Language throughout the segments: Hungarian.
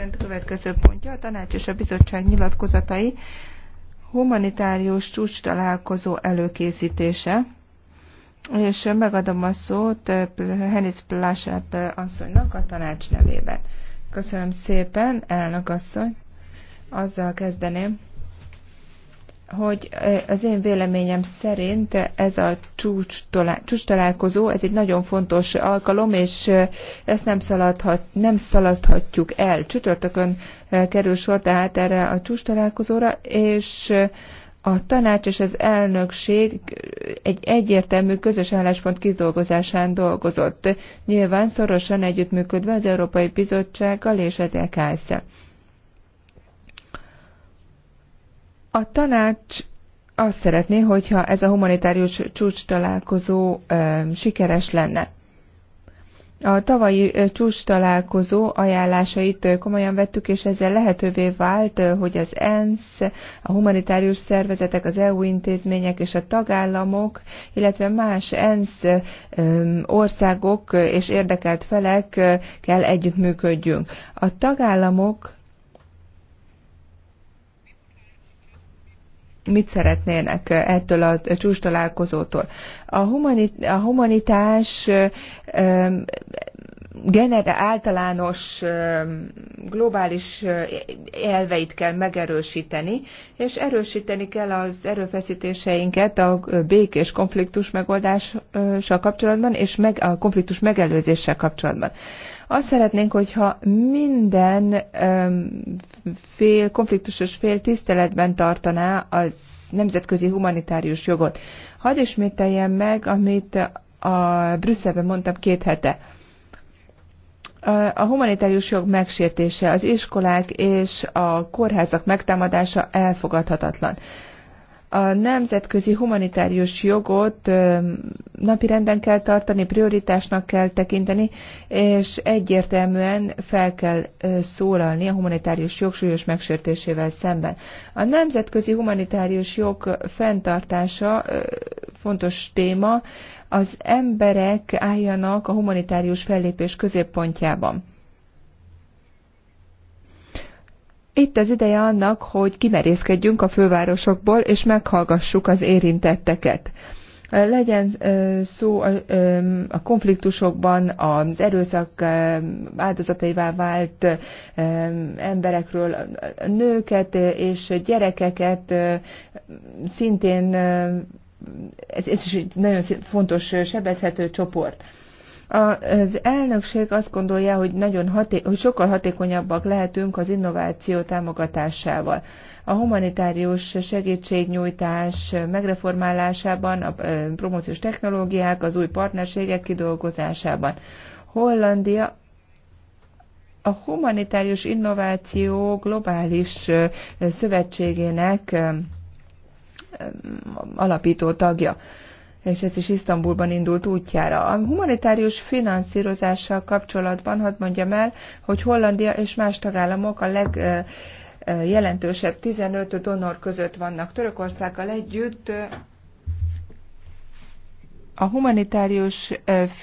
napirend következő pontja a tanács és a bizottság nyilatkozatai humanitárius csúcs találkozó előkészítése. És megadom a szót eh, Henis Plását eh, asszonynak a tanács nevében. Köszönöm szépen, elnök asszony. Azzal kezdeném, hogy az én véleményem szerint ez a csúcs, talál, csúcs találkozó, ez egy nagyon fontos alkalom, és ezt nem, szaladhat, nem szalaszthatjuk el. Csütörtökön kerül sor tehát erre a csúcs találkozóra, és a tanács és az elnökség egy egyértelmű közös álláspont kidolgozásán dolgozott, nyilván szorosan együttműködve az Európai Bizottsággal és az EKS-szel. A tanács azt szeretné, hogyha ez a humanitárius csúcs találkozó sikeres lenne. A tavalyi csúcs találkozó ajánlásait komolyan vettük, és ezzel lehetővé vált, hogy az ENSZ, a humanitárius szervezetek, az EU intézmények és a tagállamok, illetve más ENSZ országok és érdekelt felek kell együttműködjünk. A tagállamok mit szeretnének ettől a csúcs találkozótól. A, humanit, a humanitás genere általános globális elveit kell megerősíteni, és erősíteni kell az erőfeszítéseinket a békés konfliktus megoldással kapcsolatban, és meg, a konfliktus megelőzéssel kapcsolatban. Azt szeretnénk, hogyha minden fél, konfliktusos fél tiszteletben tartaná az nemzetközi humanitárius jogot. Hadd ismételjem meg, amit a Brüsszelben mondtam két hete. A humanitárius jog megsértése, az iskolák és a kórházak megtámadása elfogadhatatlan a nemzetközi humanitárius jogot napirenden kell tartani, prioritásnak kell tekinteni, és egyértelműen fel kell szólalni a humanitárius jog súlyos megsértésével szemben. A nemzetközi humanitárius jog fenntartása fontos téma, az emberek álljanak a humanitárius fellépés középpontjában. Itt az ideje annak, hogy kimerészkedjünk a fővárosokból, és meghallgassuk az érintetteket legyen szó a konfliktusokban az erőszak áldozataivá vált emberekről, nőket és gyerekeket szintén, ez, is egy nagyon fontos sebezhető csoport. Az elnökség azt gondolja, hogy, nagyon haté- hogy sokkal hatékonyabbak lehetünk az innováció támogatásával. A humanitárius segítségnyújtás megreformálásában, a promóciós technológiák, az új partnerségek kidolgozásában. Hollandia a humanitárius innováció globális szövetségének alapító tagja és ez is Isztambulban indult útjára. A humanitárius finanszírozással kapcsolatban hadd mondjam el, hogy Hollandia és más tagállamok a legjelentősebb 15 donor között vannak Törökországgal együtt. A humanitárius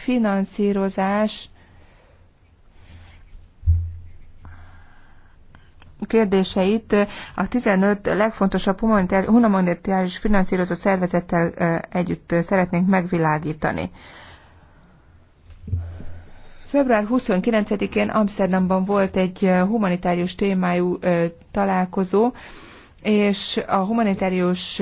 finanszírozás kérdéseit a 15 legfontosabb humanitárius finanszírozó szervezettel együtt szeretnénk megvilágítani. Február 29-én Amsterdamban volt egy humanitárius témájú találkozó, és a humanitárius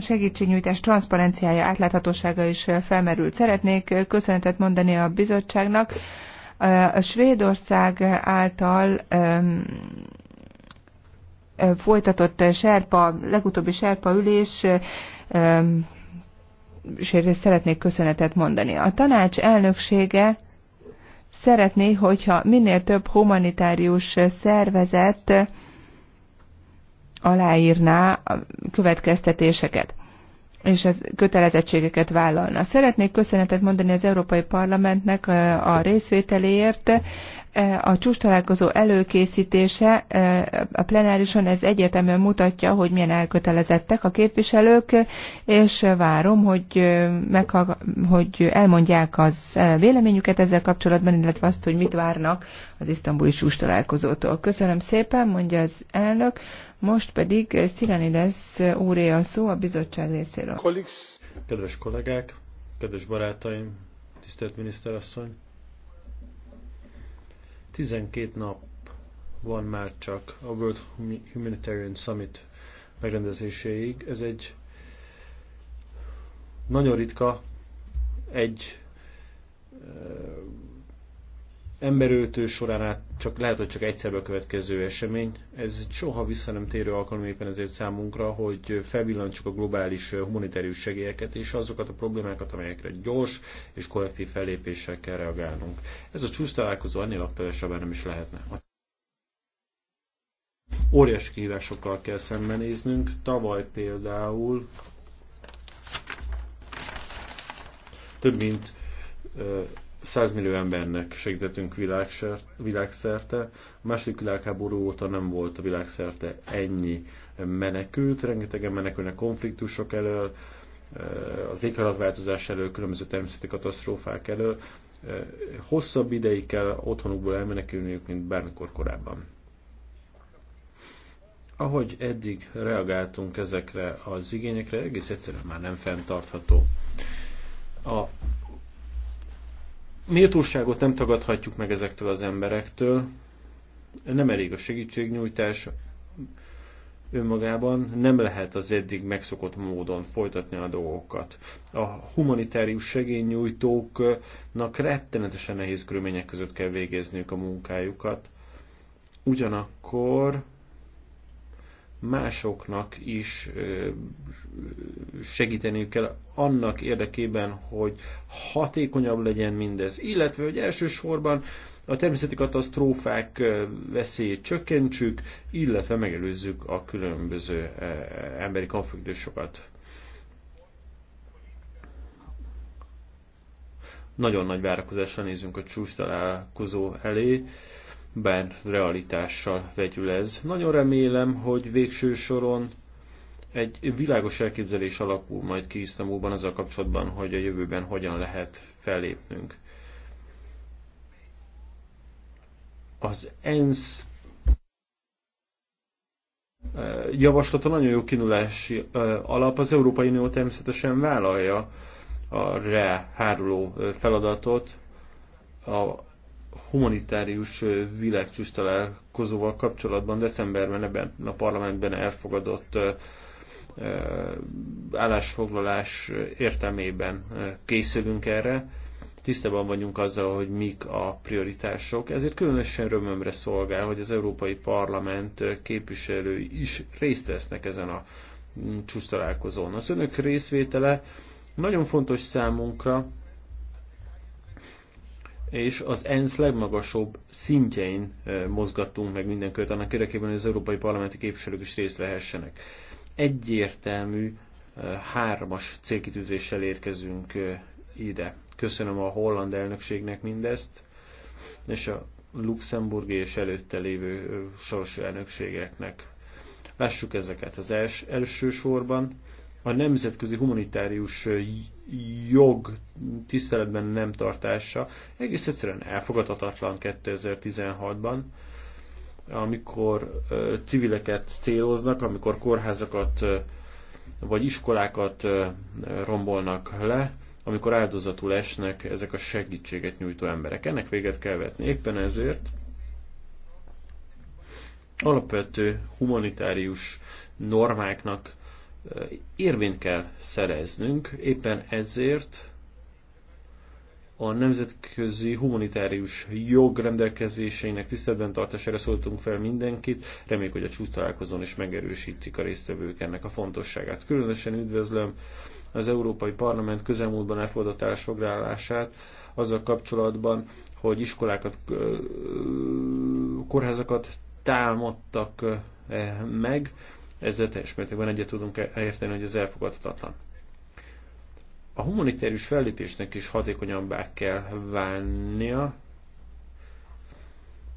segítségnyújtás transzparenciája, átláthatósága is felmerült. Szeretnék köszönetet mondani a bizottságnak, a Svédország által folytatott serpa, legutóbbi serpa ülés és erre szeretnék köszönetet mondani. A tanács elnöksége szeretné, hogyha minél több humanitárius szervezet aláírná a következtetéseket és ez kötelezettségeket vállalna. Szeretnék köszönetet mondani az Európai Parlamentnek a részvételéért. A csúcs találkozó előkészítése a plenárison ez egyértelműen mutatja, hogy milyen elkötelezettek a képviselők, és várom, hogy, meg hogy elmondják az véleményüket ezzel kapcsolatban, illetve azt, hogy mit várnak az isztambuli csúcs találkozótól. Köszönöm szépen, mondja az elnök. Most pedig eh, Szirenides eh, úré a szó a bizottság részéről. Kedves kollégák, kedves barátaim, tisztelt miniszterasszony! 12 nap van már csak a World Humanitarian Summit megrendezéséig. Ez egy nagyon ritka, egy eh, emberöltő során át csak, lehet, hogy csak egyszer következő esemény. Ez egy soha vissza nem térő alkalom éppen ezért számunkra, hogy felvillantsuk a globális humanitárius segélyeket és azokat a problémákat, amelyekre gyors és kollektív fellépéssel kell reagálnunk. Ez a csúsz találkozó ennél aktuálisabb nem is lehetne. Óriási kihívásokkal kell szembenéznünk. Tavaly például több mint 100 millió embernek segítettünk világszerte. A második világháború óta nem volt a világszerte ennyi menekült, rengetegen menekülnek konfliktusok elől, eh, az éghajlatváltozás elől, különböző természeti katasztrófák elől. Eh, hosszabb ideig kell otthonukból elmenekülniük, mint bármikor korábban. Ahogy eddig reagáltunk ezekre az igényekre, egész egyszerűen már nem fenntartható. A méltóságot nem tagadhatjuk meg ezektől az emberektől. Nem elég a segítségnyújtás önmagában, nem lehet az eddig megszokott módon folytatni a dolgokat. A humanitárius segélynyújtóknak rettenetesen nehéz körülmények között kell végezniük a munkájukat. Ugyanakkor másoknak is segíteniük kell annak érdekében, hogy hatékonyabb legyen mindez, illetve hogy elsősorban a természeti katasztrófák veszélyét csökkentsük, illetve megelőzzük a különböző emberi konfliktusokat. Nagyon nagy várakozással nézünk a csúcs találkozó elé bár realitással vegyül ez. Nagyon remélem, hogy végső soron egy világos elképzelés alakul majd ki Isztambulban a kapcsolatban, hogy a jövőben hogyan lehet fellépnünk. Az ENSZ eh, javaslata nagyon jó kínulási eh, alap. Az Európai Unió természetesen vállalja a rá eh, feladatot, a humanitárius világcsúcs találkozóval kapcsolatban decemberben ebben a parlamentben elfogadott állásfoglalás értelmében készülünk erre. Tisztában vagyunk azzal, hogy mik a prioritások. Ezért különösen örömömre szolgál, hogy az Európai Parlament képviselői is részt vesznek ezen a csúsztalálkozón. Az önök részvétele nagyon fontos számunkra, és az ENSZ legmagasabb szintjein mozgattunk meg mindenkört annak érdekében, hogy az európai parlamenti képviselők is részt vehessenek. Egyértelmű hármas célkitűzéssel érkezünk ide. Köszönöm a holland elnökségnek mindezt, és a luxemburgi és előtte lévő soros elnökségeknek. Lássuk ezeket. Az els, első sorban a nemzetközi humanitárius jog tiszteletben nem tartása egész egyszerűen elfogadhatatlan 2016-ban, amikor civileket céloznak, amikor kórházakat vagy iskolákat rombolnak le, amikor áldozatul esnek ezek a segítséget nyújtó emberek. Ennek véget kell vetni. Éppen ezért alapvető humanitárius normáknak érvényt kell szereznünk, éppen ezért a nemzetközi humanitárius jog rendelkezéseinek tiszteletben tartására szóltunk fel mindenkit. Reméljük, hogy a csúcs találkozón is megerősítik a résztvevők ennek a fontosságát. Különösen üdvözlöm az Európai Parlament közelmúltban elfogadott állásfoglalását azzal kapcsolatban, hogy iskolákat, kórházakat támadtak meg, ezzel teljes mértékben egyet tudunk e- érteni, hogy ez elfogadhatatlan. A humanitárius fellépésnek is hatékonyabbá kell válnia.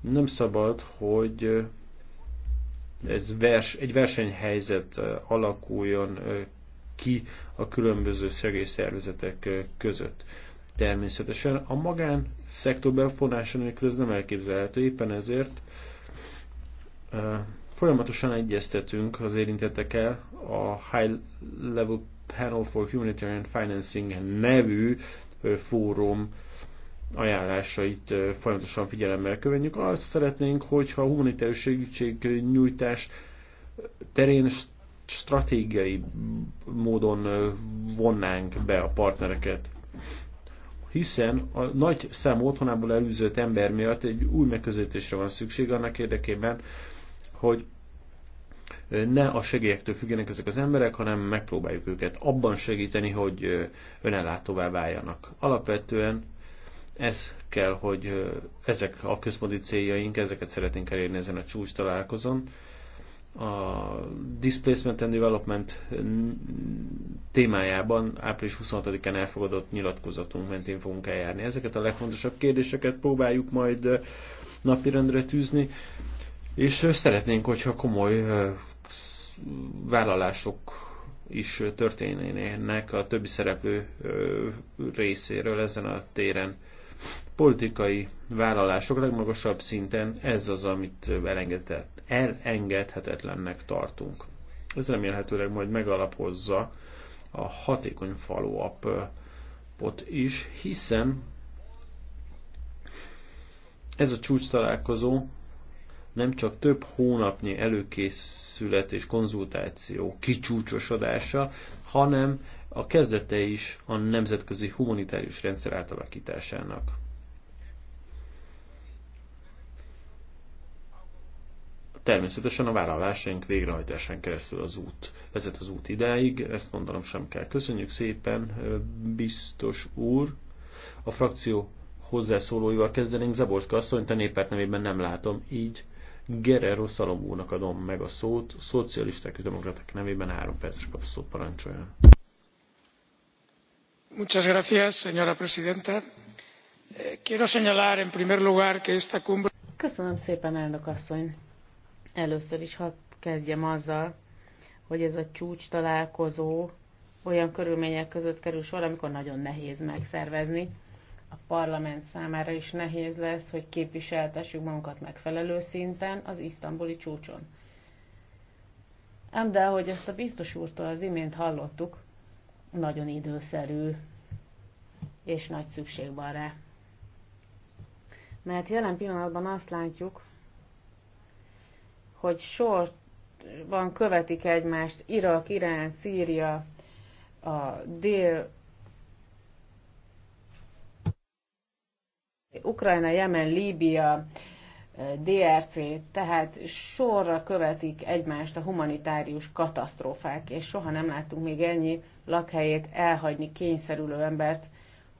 Nem szabad, hogy ez vers, egy versenyhelyzet alakuljon ki a különböző szervezetek között. Természetesen a magán szektor befonása nélkül ez nem elképzelhető, éppen ezért Folyamatosan egyeztetünk az érintettekkel a High Level Panel for Humanitarian Financing nevű fórum ajánlásait folyamatosan figyelemmel követjük. Azt szeretnénk, hogyha a humanitárius nyújtás terén stratégiai módon vonnánk be a partnereket. Hiszen a nagy szám otthonából elűzött ember miatt egy új megközelítésre van szükség annak érdekében, hogy ne a segélyektől függenek ezek az emberek, hanem megpróbáljuk őket abban segíteni, hogy önellátóvá váljanak. Alapvetően ez kell, hogy ezek a központi céljaink, ezeket szeretnénk elérni ezen a csúcs találkozón. A Displacement and Development témájában április 26-án elfogadott nyilatkozatunk mentén fogunk eljárni. Ezeket a legfontosabb kérdéseket próbáljuk majd napirendre tűzni, és szeretnénk, hogyha komoly vállalások is történnének a többi szereplő részéről ezen a téren. Politikai vállalások legmagasabb szinten ez az, amit elengedhetetlennek tartunk. Ez remélhetőleg majd megalapozza a hatékony follow is, hiszen ez a csúcs találkozó nem csak több hónapnyi előkészület és konzultáció kicsúcsosodása, hanem a kezdete is a nemzetközi humanitárius rendszer átalakításának. Természetesen a vállalásaink végrehajtásán keresztül az út vezet az út idáig, ezt mondanom sem kell. Köszönjük szépen, biztos úr! A frakció hozzászólóival kezdenénk. Zaborszka asszonyt a néppárt nevében nem látom, így Gerero Szalomónak adom meg a szót, a szocialisták és demokraták nevében három percre kap szót parancsoljon. Muchas gracias, señora presidenta. Quiero señalar en primer lugar que esta cumbre... Köszönöm szépen, elnök asszony. Először is hadd kezdjem azzal, hogy ez a csúcs találkozó olyan körülmények között kerül sor, amikor nagyon nehéz megszervezni a parlament számára is nehéz lesz, hogy képviseltessük magunkat megfelelő szinten az isztambuli csúcson. Ám de, ahogy ezt a biztos úrtól az imént hallottuk, nagyon időszerű és nagy szükség van rá. Mert jelen pillanatban azt látjuk, hogy sorban követik egymást Irak, Irán, Szíria, a dél Ukrajna, Jemen, Líbia, eh, DRC, tehát sorra követik egymást a humanitárius katasztrófák, és soha nem láttunk még ennyi lakhelyét elhagyni kényszerülő embert.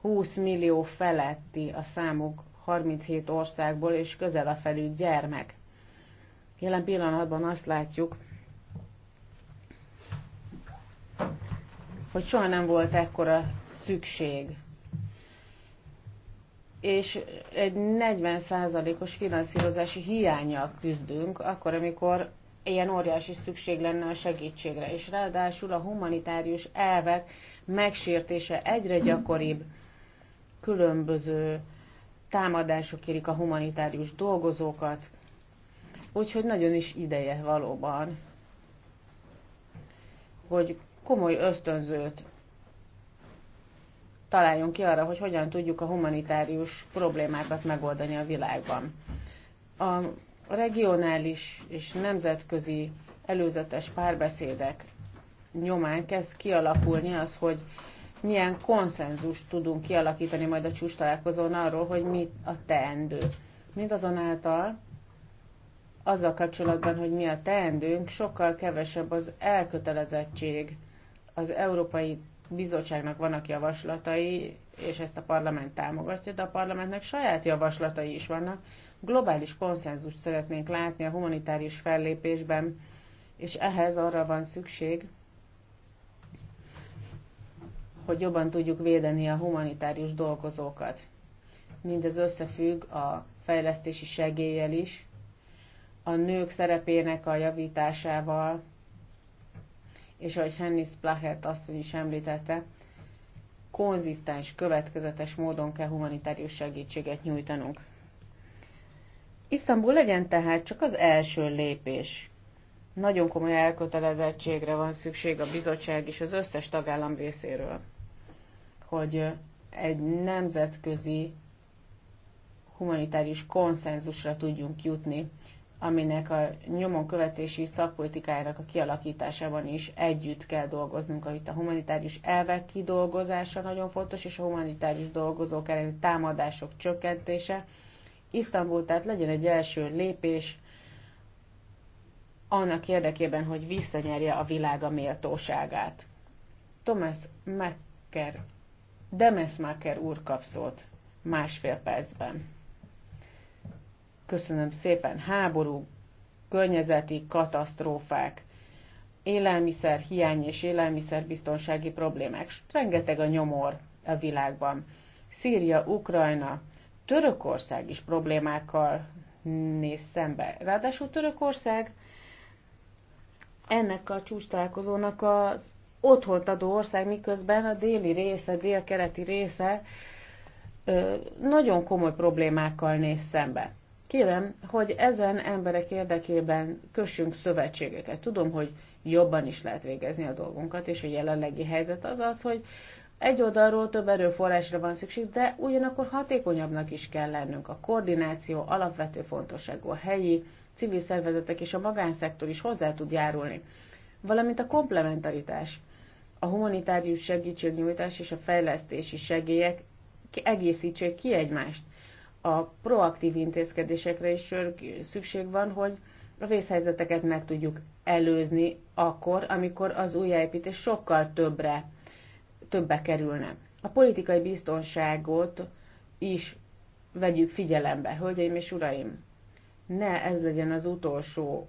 20 millió feletti a számuk 37 országból, és közel a felül gyermek. Jelen pillanatban azt látjuk, hogy soha nem volt ekkora szükség és egy 40%-os finanszírozási hiányjal küzdünk, akkor, amikor ilyen óriási szükség lenne a segítségre, és ráadásul a humanitárius elvek megsértése egyre gyakoribb, különböző támadások érik a humanitárius dolgozókat, úgyhogy nagyon is ideje valóban, hogy komoly ösztönzőt találjunk ki arra, hogy hogyan tudjuk a humanitárius problémákat megoldani a világban. A regionális és nemzetközi előzetes párbeszédek nyomán kezd kialakulni az, hogy milyen konszenzust tudunk kialakítani majd a csúcs találkozón arról, hogy mi a teendő. Mindazonáltal azzal kapcsolatban, hogy mi a teendőnk, sokkal kevesebb az elkötelezettség az európai bizottságnak vannak javaslatai, és ezt a parlament támogatja, de a parlamentnek saját javaslatai is vannak. Globális konszenzust szeretnénk látni a humanitárius fellépésben, és ehhez arra van szükség, hogy jobban tudjuk védeni a humanitárius dolgozókat. Mindez összefügg a fejlesztési segéllyel is, a nők szerepének a javításával, és ahogy Henny Plachert asszony is említette, konzisztens, következetes módon kell humanitárius segítséget nyújtanunk. Isztambul legyen tehát csak az első lépés. Nagyon komoly elkötelezettségre van szükség a bizottság és az összes tagállam részéről, hogy egy nemzetközi humanitárius konszenzusra tudjunk jutni aminek a nyomon követési szakpolitikájának a kialakításában is együtt kell dolgoznunk, itt a humanitárius elvek kidolgozása nagyon fontos, és a humanitárius dolgozók elleni támadások csökkentése. Isztambul tehát legyen egy első lépés annak érdekében, hogy visszanyerje a világ a méltóságát. Thomas Macker, Demes Macker úr kap szót másfél percben. Köszönöm szépen. Háború, környezeti katasztrófák, élelmiszer hiány és élelmiszerbiztonsági problémák. Rengeteg a nyomor a világban. Szíria, Ukrajna, Törökország is problémákkal néz szembe. Ráadásul Törökország ennek a találkozónak az otthont adó ország, miközben a déli része, délkeleti része nagyon komoly problémákkal néz szembe. Kérem, hogy ezen emberek érdekében kössünk szövetségeket. Tudom, hogy jobban is lehet végezni a dolgunkat, és a jelenlegi helyzet az az, hogy egy oldalról több erőforrásra van szükség, de ugyanakkor hatékonyabbnak is kell lennünk. A koordináció alapvető fontosságú a helyi civil szervezetek és a magánszektor is hozzá tud járulni, valamint a komplementaritás. A humanitárius segítségnyújtás és a fejlesztési segélyek egészítsék ki egymást a proaktív intézkedésekre is szükség van, hogy a vészhelyzeteket meg tudjuk előzni akkor, amikor az újjáépítés sokkal többre, többe kerülne. A politikai biztonságot is vegyük figyelembe, hölgyeim és uraim. Ne ez legyen az utolsó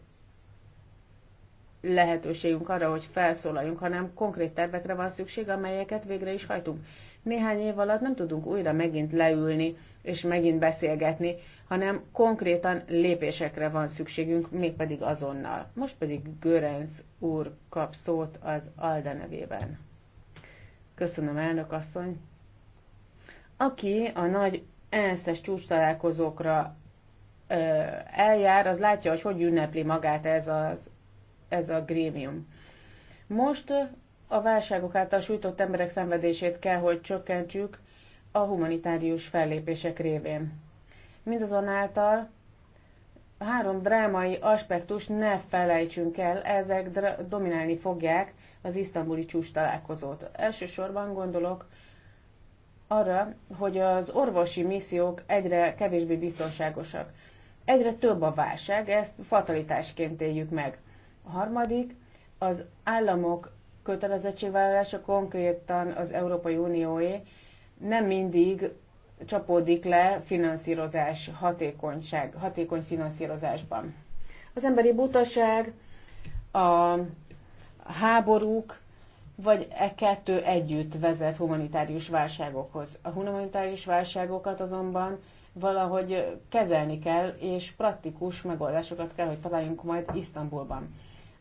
lehetőségünk arra, hogy felszólaljunk, hanem konkrét tervekre van szükség, amelyeket végre is hajtunk néhány év alatt nem tudunk újra megint leülni és megint beszélgetni, hanem konkrétan lépésekre van szükségünk, mégpedig azonnal. Most pedig Görenc úr kap szót az Alda nevében. Köszönöm, elnök asszony. Aki a nagy ENSZ-es csúcs találkozókra eljár, az látja, hogy hogy ünnepli magát ez, az, ez a grémium. Most a válságok által sújtott emberek szenvedését kell, hogy csökkentsük a humanitárius fellépések révén. Mindazonáltal három drámai aspektus ne felejtsünk el, ezek dominálni fogják az isztambuli csúcs találkozót. Elsősorban gondolok arra, hogy az orvosi missziók egyre kevésbé biztonságosak. Egyre több a válság, ezt fatalitásként éljük meg. A harmadik, az államok kötelezettségvállalása konkrétan az Európai Unióé nem mindig csapódik le finanszírozás hatékonyság, hatékony finanszírozásban. Az emberi butaság, a háborúk, vagy e kettő együtt vezet humanitárius válságokhoz. A humanitárius válságokat azonban valahogy kezelni kell, és praktikus megoldásokat kell, hogy találjunk majd Isztambulban.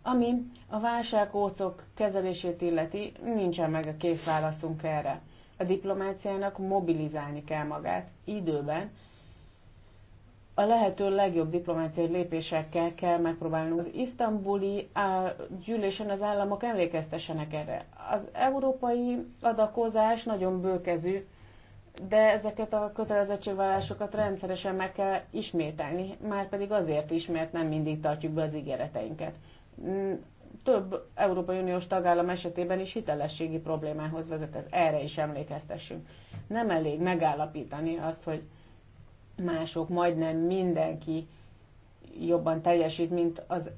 Ami a válságócok kezelését illeti, nincsen meg a kész válaszunk erre. A diplomáciának mobilizálni kell magát időben, a lehető legjobb diplomáciai lépésekkel kell megpróbálnunk. Az isztambuli gyűlésen az államok emlékeztessenek erre. Az európai adakozás nagyon bőkezű, de ezeket a kötelezettségvállásokat rendszeresen meg kell ismételni, már pedig azért is, mert nem mindig tartjuk be az ígéreteinket. Mm, több Európai Uniós tagállam esetében is hitelességi problémához vezetett. Erre is emlékeztessünk. Nem elég megállapítani azt, hogy mások, majdnem mindenki jobban teljesít, mint az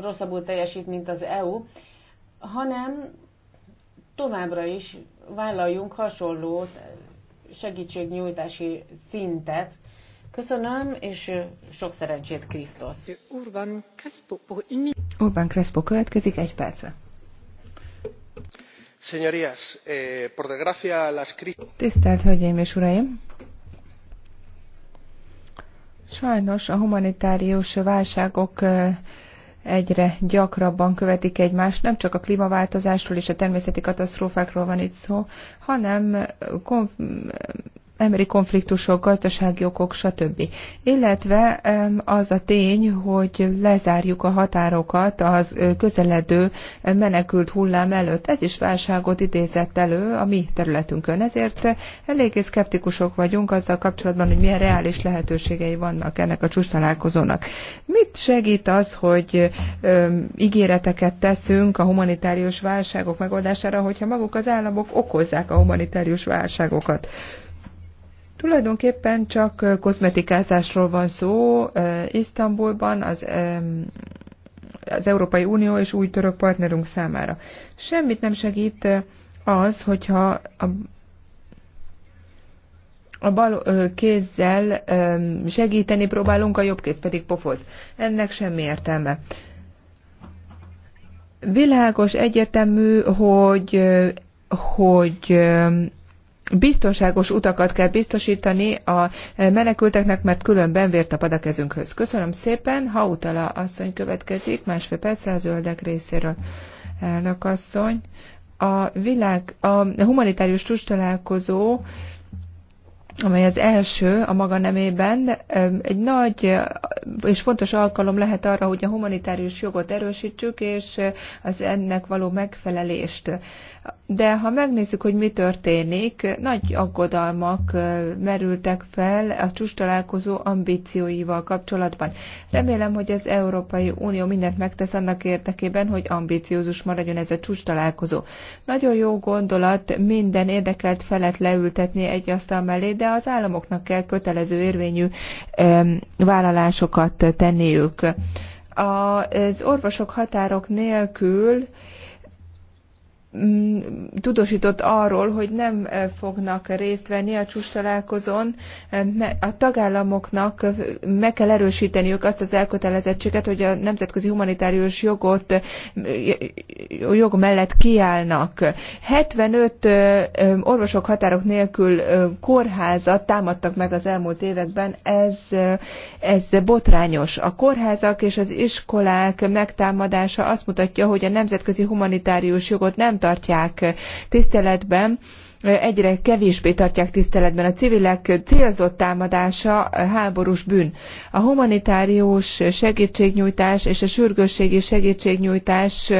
rosszabbul teljesít, mint az EU, hanem továbbra is vállaljunk hasonló segítségnyújtási szintet, Köszönöm, és sok szerencsét, Krisztus. Urban Crespo, Urban Crespo következik egy percre. Señorías, eh, por desgracia las Tisztelt Hölgyeim és Uraim! Sajnos a humanitárius válságok egyre gyakrabban követik egymást. Nem csak a klímaváltozásról és a természeti katasztrófákról van itt szó, hanem emberi konfliktusok, gazdasági okok, stb. Illetve az a tény, hogy lezárjuk a határokat az közeledő menekült hullám előtt. Ez is válságot idézett elő a mi területünkön. Ezért eléggé szkeptikusok vagyunk azzal kapcsolatban, hogy milyen reális lehetőségei vannak ennek a csúcs Mit segít az, hogy ígéreteket teszünk a humanitárius válságok megoldására, hogyha maguk az államok okozzák a humanitárius válságokat? Tulajdonképpen csak kozmetikázásról van szó. Isztambulban az, az Európai Unió és új török partnerünk számára. Semmit nem segít az, hogyha a, a bal kézzel segíteni próbálunk, a jobb kéz pedig pofoz. Ennek semmi értelme világos, egyetemű, hogy, hogy biztonságos utakat kell biztosítani a menekülteknek, mert különben vért a kezünkhöz. Köszönöm szépen, utala asszony következik, másfél perc a zöldek részéről. Elnök asszony, a világ, a humanitárius csúcs találkozó amely az első a maga nemében, egy nagy és fontos alkalom lehet arra, hogy a humanitárius jogot erősítsük, és az ennek való megfelelést de ha megnézzük, hogy mi történik, nagy aggodalmak merültek fel a csúcs találkozó ambícióival kapcsolatban. Remélem, hogy az Európai Unió mindent megtesz annak érdekében, hogy ambíciózus maradjon ez a csúcs találkozó. Nagyon jó gondolat minden érdekelt felet leültetni egy asztal mellé, de az államoknak kell kötelező érvényű vállalásokat tenniük. Az orvosok határok nélkül Mm, tudósított arról, hogy nem eh, fognak részt venni a csúcs találkozón. Eh, a tagállamoknak eh, meg kell erősíteniük azt az elkötelezettséget, hogy a nemzetközi humanitárius jogot jog mellett kiállnak. 75 orvosok határok nélkül kórházat támadtak meg az elmúlt években, ez, ez botrányos. A kórházak és az iskolák megtámadása azt mutatja, hogy a nemzetközi humanitárius jogot nem tartják tiszteletben, egyre kevésbé tartják tiszteletben. A civilek célzott támadása háborús bűn. A humanitárius segítségnyújtás és a sürgősségi segítségnyújtás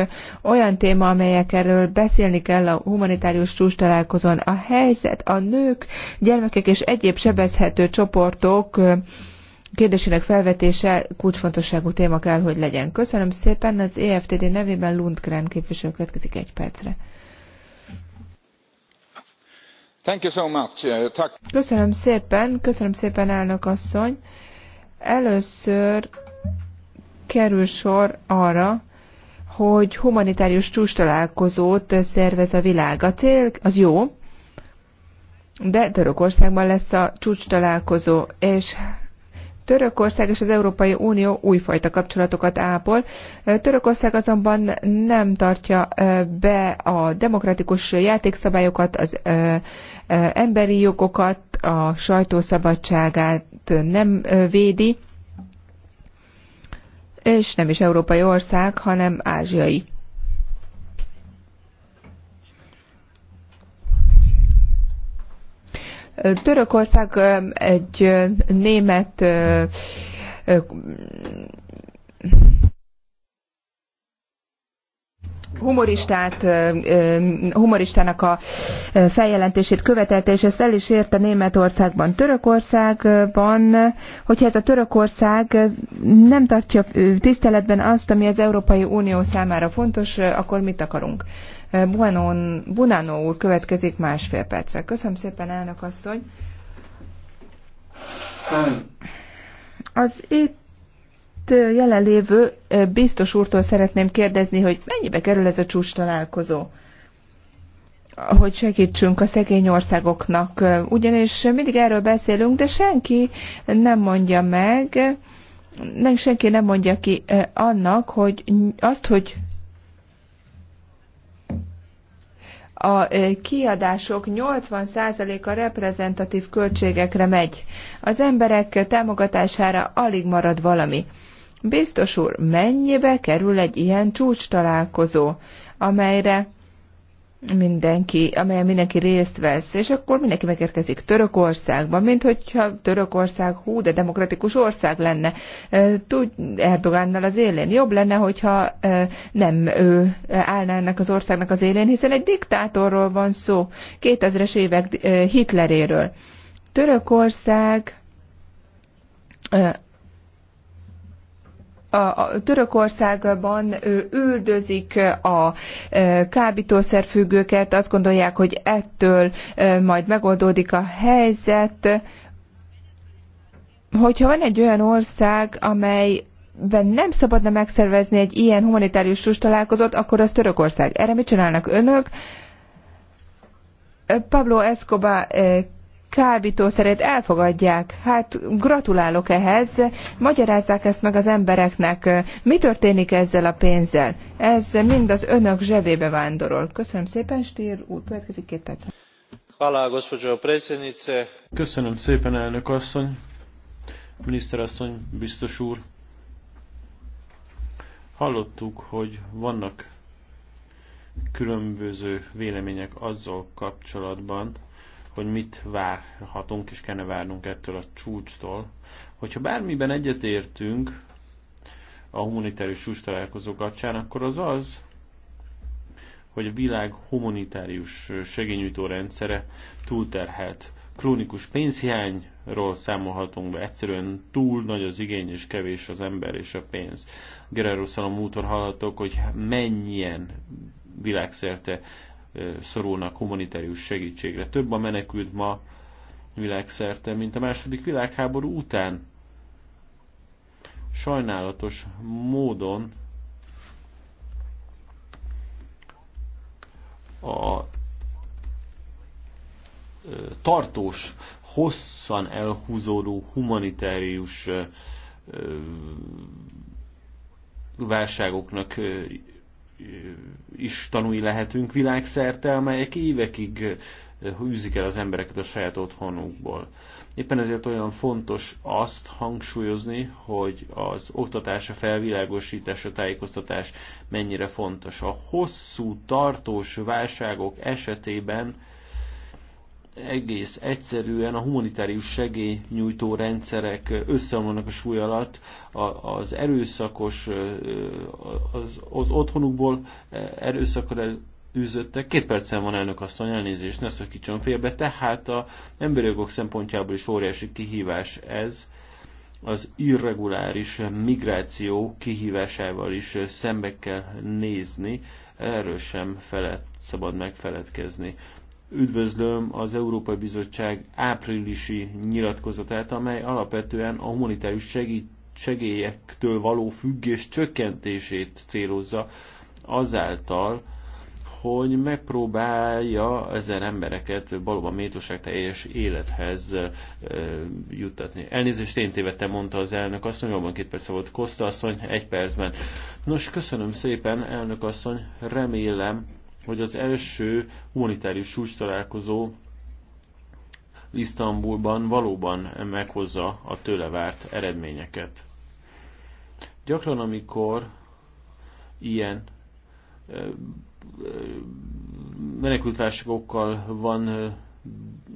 olyan téma, amelyek erről beszélni kell a humanitárius csúcs találkozón. A helyzet a nők, gyermekek és egyéb sebezhető csoportok kérdésének felvetése kulcsfontosságú téma kell, hogy legyen. Köszönöm szépen, az EFTD nevében Lundgren képviselő következik egy percre. Thank you so much. Uh, tak. Köszönöm szépen, köszönöm szépen elnök asszony. Először kerül sor arra, hogy humanitárius csúcs találkozót szervez a világ. A cél az jó, de Törökországban lesz a csúcs találkozó, és Törökország és az Európai Unió újfajta kapcsolatokat ápol. Törökország azonban nem tartja be a demokratikus játékszabályokat, az emberi jogokat, a sajtószabadságát nem védi, és nem is európai ország, hanem ázsiai. Törökország egy német humoristát, humoristának a feljelentését követelte, és ezt el is érte Németországban, Törökországban, hogyha ez a Törökország nem tartja tiszteletben azt, ami az Európai Unió számára fontos, akkor mit akarunk? Buanon, Bunano úr következik másfél percre. Köszönöm szépen, elnök asszony. Az itt itt jelenlévő biztos úrtól szeretném kérdezni, hogy mennyibe kerül ez a csúcs találkozó? hogy segítsünk a szegény országoknak. Ugyanis mindig erről beszélünk, de senki nem mondja meg, nem, senki nem mondja ki annak, hogy azt, hogy a kiadások 80%-a reprezentatív költségekre megy. Az emberek támogatására alig marad valami. Biztos úr, mennyibe kerül egy ilyen csúcs találkozó, amelyre mindenki, amelyen mindenki részt vesz, és akkor mindenki megérkezik Törökországba, mint hogyha Törökország hú, de demokratikus ország lenne. Tud Erdogánnal az élén. Jobb lenne, hogyha nem ő állná ennek az országnak az élén, hiszen egy diktátorról van szó, 2000-es évek Hitleréről. Törökország a Törökországban üldözik a kábítószerfüggőket, azt gondolják, hogy ettől majd megoldódik a helyzet. Hogyha van egy olyan ország, amely nem szabadna megszervezni egy ilyen humanitárius sus találkozót, akkor az Törökország. Erre mit csinálnak önök? Pablo Escobar kábítószerét elfogadják. Hát gratulálok ehhez, magyarázzák ezt meg az embereknek. Mi történik ezzel a pénzzel? Ez mind az önök zsebébe vándorol. Köszönöm szépen, Stír úr, következik két perc. Köszönöm szépen, elnök asszony, miniszterasszony, biztos úr. Hallottuk, hogy vannak különböző vélemények azzal kapcsolatban, hogy mit várhatunk és kellene várnunk ettől a csúcstól. Hogyha bármiben egyetértünk a humanitárius csúcs találkozó kapcsán, akkor az az, hogy a világ humanitárius segényújtó rendszere túlterhelt. Krónikus pénzhiányról számolhatunk be, egyszerűen túl nagy az igény és kevés az ember és a pénz. Russell a múltor hallhatok, hogy mennyien világszerte szorulnak humanitárius segítségre. Több a menekült ma világszerte, mint a második világháború után. Sajnálatos módon a tartós, hosszan elhúzódó humanitárius válságoknak is tanúi lehetünk világszerte, amelyek évekig eh, hűzik el az embereket a saját otthonukból. Éppen ezért olyan fontos azt hangsúlyozni, hogy az oktatás, a felvilágosítás, a tájékoztatás mennyire fontos. A hosszú, tartós válságok esetében egész egyszerűen a humanitárius segélynyújtó rendszerek összeomlanak a súly alatt, az erőszakos, az, az otthonukból erőszakra üzöttek. Két percen van elnök asszony, elnézést, ne szakítson félbe. Tehát a emberi jogok szempontjából is óriási kihívás ez. Az irreguláris migráció kihívásával is szembe kell nézni, erről sem felett szabad megfeledkezni. Üdvözlöm az Európai Bizottság áprilisi nyilatkozatát, amely alapvetően a humanitárius segélyektől való függés csökkentését célozza azáltal, hogy megpróbálja ezer embereket valóban méltóság teljes élethez juttatni. Elnézést, én tévedtem, mondta az elnök asszony, valóban két perc volt Koszta asszony, egy percben. Nos, köszönöm szépen, elnök asszony, remélem, hogy az első humanitárius csúcs találkozó Isztambulban valóban meghozza a tőle várt eredményeket. Gyakran, amikor ilyen menekültválságokkal van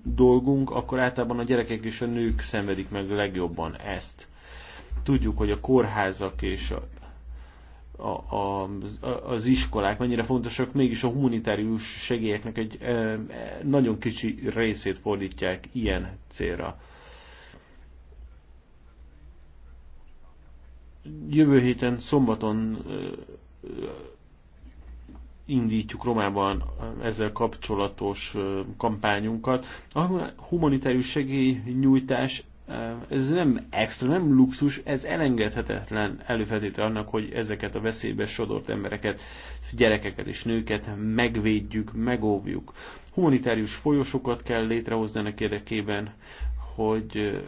dolgunk, akkor általában a gyerekek és a nők szenvedik meg legjobban ezt. Tudjuk, hogy a kórházak és a, a, az iskolák mennyire fontosak, mégis a humanitárius segélyeknek egy e, nagyon kicsi részét fordítják ilyen célra. Jövő héten szombaton e, indítjuk Romában ezzel kapcsolatos kampányunkat. A humanitárius segélynyújtás ez nem extra, nem luxus, ez elengedhetetlen előfeltétel annak, hogy ezeket a veszélybe sodort embereket, gyerekeket és nőket megvédjük, megóvjuk. Humanitárius folyosokat kell létrehozni ennek érdekében, hogy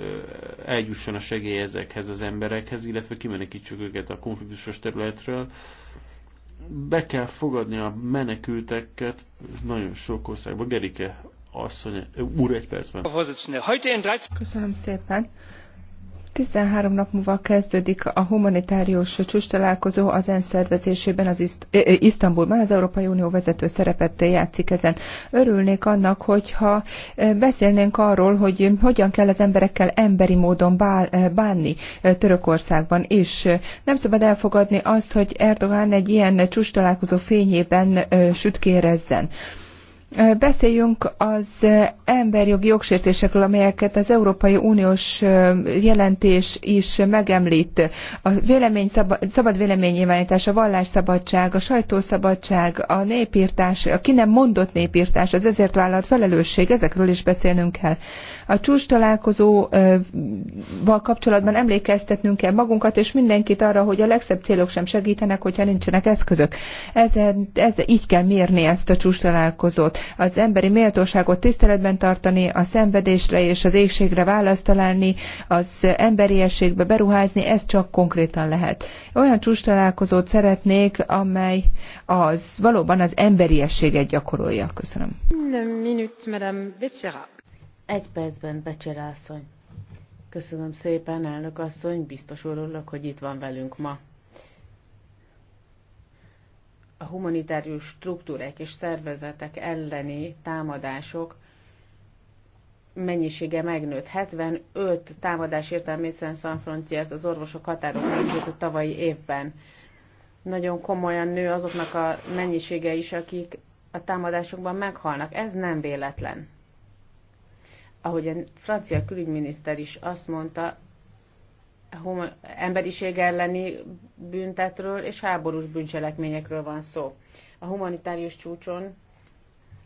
eljusson a segély ezekhez az emberekhez, illetve kimenekítsük őket a konfliktusos területről. Be kell fogadni a menekülteket nagyon sok országban. Gerike asszony, úr egy percben. Köszönöm szépen. 13 nap múlva kezdődik a humanitárius csúcs találkozó az ENSZ szervezésében az Iszt- eh, eh, Isztambulban. Az Európai Unió vezető szerepet játszik ezen. Örülnék annak, hogyha eh, beszélnénk arról, hogy hogyan kell az emberekkel emberi módon bánni Törökországban is. Nem szabad elfogadni azt, hogy Erdogan egy ilyen csúcs találkozó fényében sütkérezzen. Beszéljünk az emberjogi jogsértésekről, amelyeket az Európai Uniós jelentés is megemlít. A vélemény szabad, szabad véleménynyilvánítás, a vallásszabadság, a sajtószabadság, a népírtás, a ki nem mondott népírtás, az ezért vállalt felelősség, ezekről is beszélnünk kell. A csúcs találkozóval kapcsolatban emlékeztetnünk kell magunkat és mindenkit arra, hogy a legszebb célok sem segítenek, hogyha nincsenek eszközök. Ez, ez, így kell mérni ezt a csúcs találkozót az emberi méltóságot tiszteletben tartani, a szenvedésre és az égségre választ találni, az emberiességbe beruházni, ez csak konkrétan lehet. Olyan csúcs találkozót szeretnék, amely az valóban az emberiességet gyakorolja. Köszönöm. Egy percben, Becerra Köszönöm szépen, elnök asszony, biztos örülök, hogy itt van velünk ma a humanitárius struktúrák és szervezetek elleni támadások mennyisége megnőtt. 75 támadás érte San Médecins az orvosok határok között a tavalyi évben. Nagyon komolyan nő azoknak a mennyisége is, akik a támadásokban meghalnak. Ez nem véletlen. Ahogy a francia külügyminiszter is azt mondta, emberiség elleni büntetről és háborús bűncselekményekről van szó. A humanitárius csúcson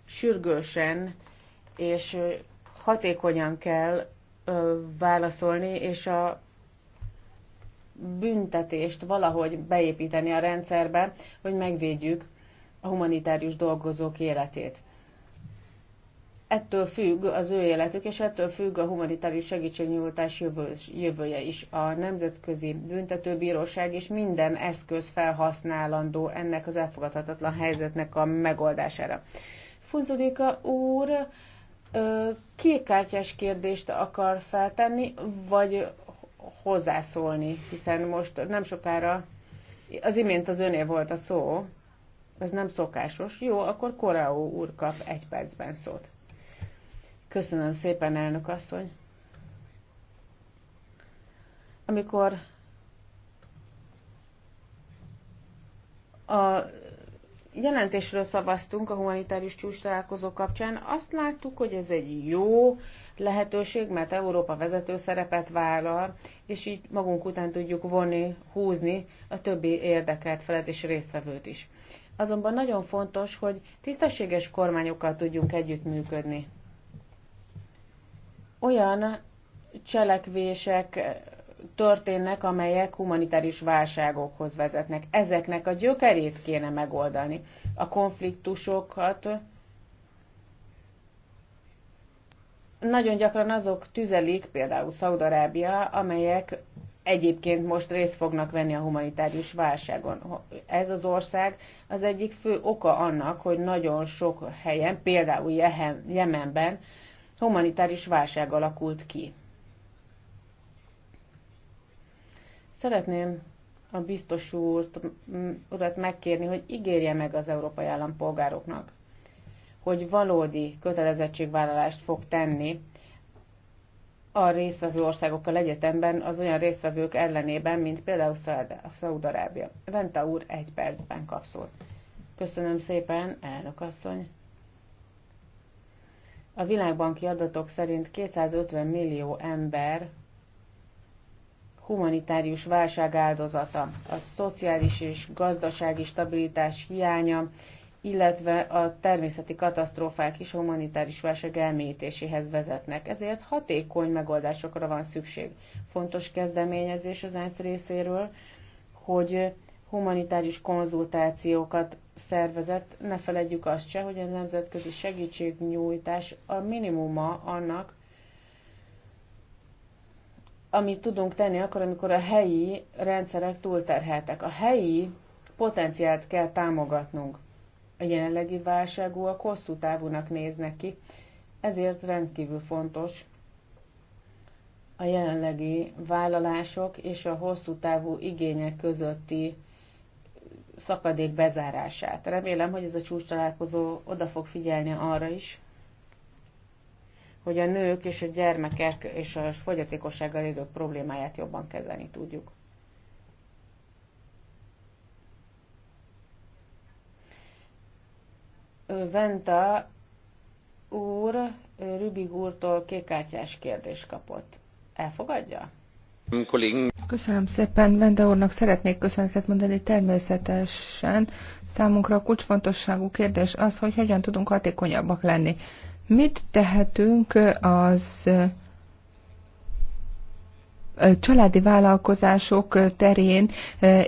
sürgősen és hatékonyan kell ö, válaszolni, és a büntetést valahogy beépíteni a rendszerbe, hogy megvédjük a humanitárius dolgozók életét ettől függ az ő életük, és ettől függ a humanitárius segítségnyújtás jövője is. A Nemzetközi Büntetőbíróság és minden eszköz felhasználandó ennek az elfogadhatatlan helyzetnek a megoldására. Fuzulika úr kékkártyás kérdést akar feltenni, vagy hozzászólni, hiszen most nem sokára, az imént az öné volt a szó, ez nem szokásos. Jó, akkor Koreó úr kap egy percben szót. Köszönöm szépen, elnök asszony. Amikor a jelentésről szavaztunk a humanitárius csúcs találkozó kapcsán, azt láttuk, hogy ez egy jó lehetőség, mert Európa vezető szerepet vállal, és így magunk után tudjuk vonni, húzni a többi érdekelt felet és résztvevőt is. Azonban nagyon fontos, hogy tisztességes kormányokkal tudjunk együttműködni olyan cselekvések történnek, amelyek humanitárius válságokhoz vezetnek. Ezeknek a gyökerét kéne megoldani. A konfliktusokat nagyon gyakran azok tüzelik, például Szaudarábia, amelyek egyébként most részt fognak venni a humanitárius válságon. Ez az ország az egyik fő oka annak, hogy nagyon sok helyen, például Jemenben, humanitáris válság alakult ki. Szeretném a biztos úrt mm, urat megkérni, hogy ígérje meg az európai állampolgároknak, hogy valódi kötelezettségvállalást fog tenni a résztvevő országokkal egyetemben az olyan résztvevők ellenében, mint például Szaúd-Arábia. Venta úr egy percben kapszol. Köszönöm szépen, elnök asszony. A világbanki adatok szerint 250 millió ember humanitárius válság áldozata, a szociális és gazdasági stabilitás hiánya, illetve a természeti katasztrófák is humanitáris válság elmélyítéséhez vezetnek. Ezért hatékony megoldásokra van szükség. Fontos kezdeményezés az ENSZ részéről, hogy humanitárius konzultációkat szervezet, ne feledjük azt se, hogy a nemzetközi segítségnyújtás a minimuma annak, amit tudunk tenni akkor, amikor a helyi rendszerek túlterheltek. A helyi potenciált kell támogatnunk. A jelenlegi válságúak hosszú távúnak néznek ki, ezért rendkívül fontos a jelenlegi vállalások és a hosszú távú igények közötti szakadék bezárását. Remélem, hogy ez a csúcs találkozó oda fog figyelni arra is, hogy a nők és a gyermekek és a fogyatékossággal élők problémáját jobban kezelni tudjuk. Venta úr Rübig úrtól kékártyás kérdést kapott. Elfogadja? Kollégünk Köszönöm szépen. Bende úrnak szeretnék köszönetet mondani. Természetesen számunkra a kulcsfontosságú kérdés az, hogy hogyan tudunk hatékonyabbak lenni. Mit tehetünk az családi vállalkozások terén,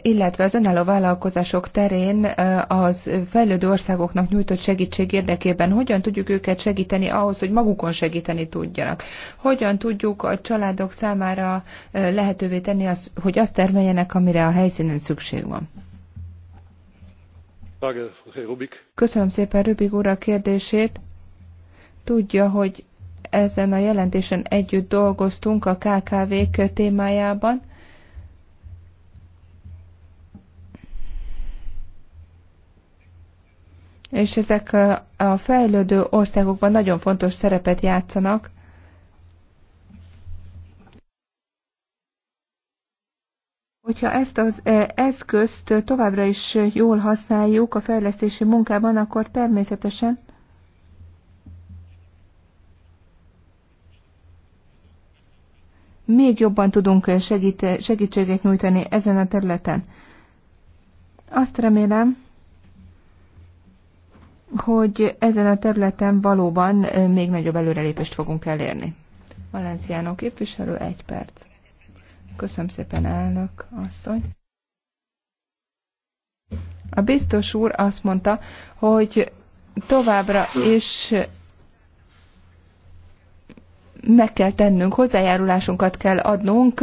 illetve az önálló vállalkozások terén az fejlődő országoknak nyújtott segítség érdekében hogyan tudjuk őket segíteni ahhoz, hogy magukon segíteni tudjanak. Hogyan tudjuk a családok számára lehetővé tenni, az, hogy azt termeljenek, amire a helyszínen szükség van. Köszönöm szépen Rubik úr a kérdését. Tudja, hogy ezen a jelentésen együtt dolgoztunk a KKV-k témájában. És ezek a fejlődő országokban nagyon fontos szerepet játszanak. Hogyha ezt az e, eszközt továbbra is jól használjuk a fejlesztési munkában, akkor természetesen még jobban tudunk eh, segít, eh, segítséget nyújtani ezen a területen. Azt remélem, hogy ezen a területen valóban eh, még nagyobb előrelépést fogunk elérni. Valenciánó képviselő, egy perc. Köszönöm szépen, elnök asszony. A biztos úr azt mondta, hogy továbbra is meg kell tennünk, hozzájárulásunkat kell adnunk,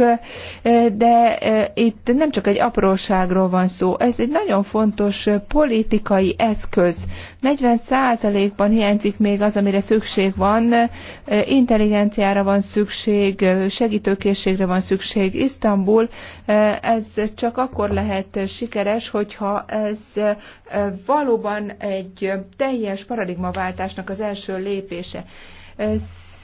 de itt nem csak egy apróságról van szó, ez egy nagyon fontos politikai eszköz. 40%-ban hiányzik még az, amire szükség van, intelligenciára van szükség, segítőkészségre van szükség. Isztambul ez csak akkor lehet sikeres, hogyha ez valóban egy teljes paradigmaváltásnak az első lépése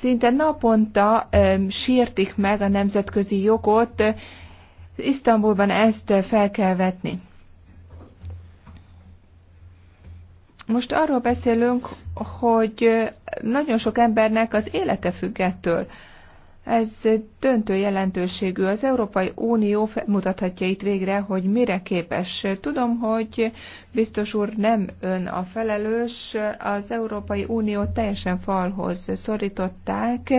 szinte naponta sértik meg a nemzetközi jogot. Isztambulban ezt fel kell vetni. Most arról beszélünk, hogy nagyon sok embernek az élete függ ettől. Ez döntő jelentőségű. Az Európai Unió mutathatja itt végre, hogy mire képes. Tudom, hogy biztos úr nem ön a felelős. Az Európai Unió teljesen falhoz szorították.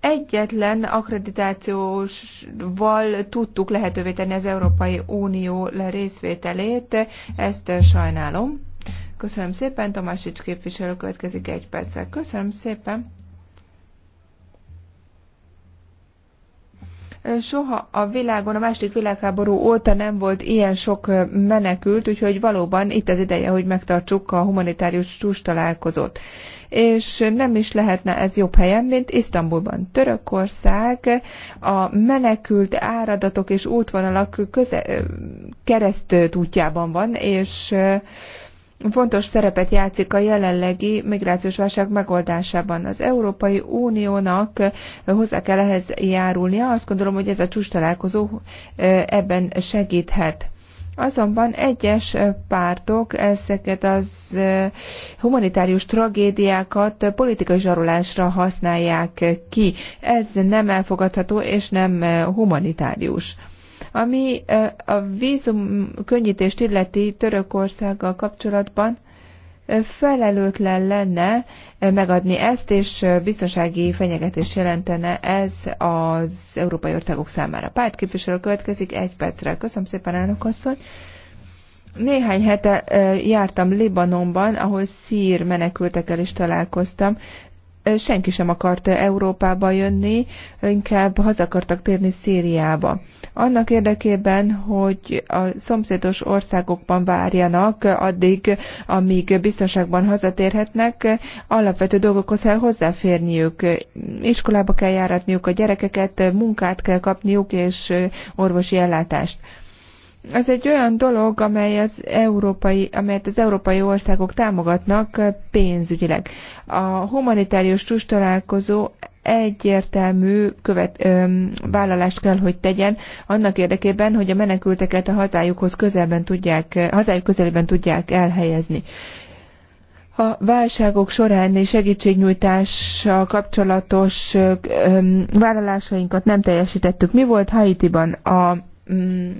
Egyetlen akkreditációval tudtuk lehetővé tenni az Európai Unió részvételét. Ezt sajnálom. Köszönöm szépen, Tomásics képviselő következik egy perccel. Köszönöm szépen. Soha a világon, a második világháború óta nem volt ilyen sok menekült, úgyhogy valóban itt az ideje, hogy megtartsuk a humanitárius csúcs találkozót. És nem is lehetne ez jobb helyen, mint Isztambulban. Törökország a menekült áradatok és útvonalak köze- keresztútjában van, és fontos szerepet játszik a jelenlegi migrációs válság megoldásában. Az Európai Uniónak hozzá kell ehhez járulnia, azt gondolom, hogy ez a csúcs találkozó ebben segíthet. Azonban egyes pártok ezeket az humanitárius tragédiákat politikai zsarolásra használják ki. Ez nem elfogadható és nem humanitárius. Ami a vízum könnyítést illeti Törökországgal kapcsolatban, felelőtlen lenne megadni ezt, és biztonsági fenyegetés jelentene ez az európai országok számára. képviselő következik egy percre. Köszönöm szépen, elnök asszony. Néhány hete jártam Libanonban, ahol szír menekültekkel is találkoztam. Senki sem akart Európába jönni, inkább haza akartak térni Szíriába annak érdekében, hogy a szomszédos országokban várjanak addig, amíg biztonságban hazatérhetnek, alapvető dolgokhoz kell hozzáférniük, iskolába kell járatniuk a gyerekeket, munkát kell kapniuk és orvosi ellátást. Ez egy olyan dolog, amely az európai, amelyet az európai országok támogatnak pénzügyileg. A humanitárius csúcs találkozó egyértelmű követ, ö, vállalást kell, hogy tegyen annak érdekében, hogy a menekülteket a hazájukhoz közelben tudják, hazájuk közelében tudják elhelyezni. A válságok során segítségnyújtással kapcsolatos öm, vállalásainkat nem teljesítettük. Mi volt Haitiban a Mm,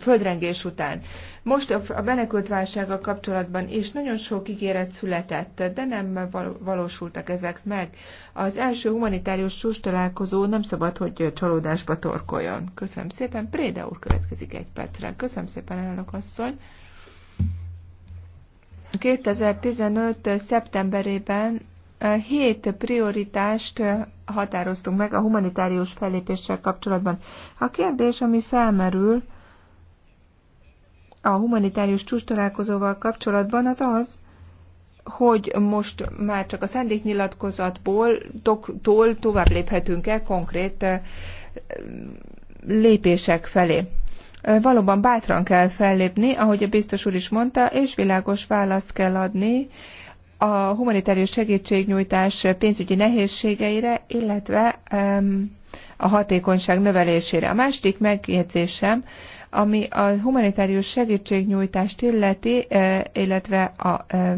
földrengés után. Most a válsággal kapcsolatban is nagyon sok ígéret született, de nem valósultak ezek meg. Az első humanitárius csúcs találkozó nem szabad, hogy csalódásba torkoljon. Köszönöm szépen. Préda úr következik egy percre. Köszönöm szépen, elnök asszony. 2015. szeptemberében hét prioritást határoztunk meg a humanitárius fellépéssel kapcsolatban. A kérdés, ami felmerül a humanitárius csúcstalálkozóval kapcsolatban, az az, hogy most már csak a szendéknyilatkozatból tól tovább léphetünk-e konkrét lépések felé. Valóban bátran kell fellépni, ahogy a biztos úr is mondta, és világos választ kell adni a humanitárius segítségnyújtás pénzügyi nehézségeire, illetve a hatékonyság növelésére. A másik megjegyzésem, ami a humanitárius segítségnyújtást illeti, e, illetve a e,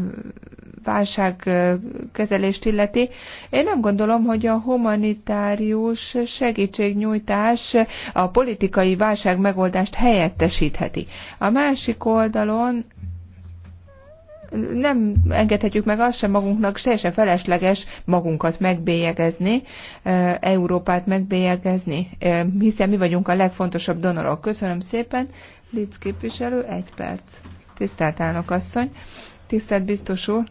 válságkezelést illeti. Én nem gondolom, hogy a humanitárius segítségnyújtás a politikai válság megoldást helyettesítheti. A másik oldalon nem engedhetjük meg azt sem magunknak, se, se felesleges magunkat megbélyegezni, Európát megbélyegezni, hiszen mi vagyunk a legfontosabb donorok. Köszönöm szépen. Litz képviselő, egy perc. Tisztelt elnök asszony, tisztelt biztos úr.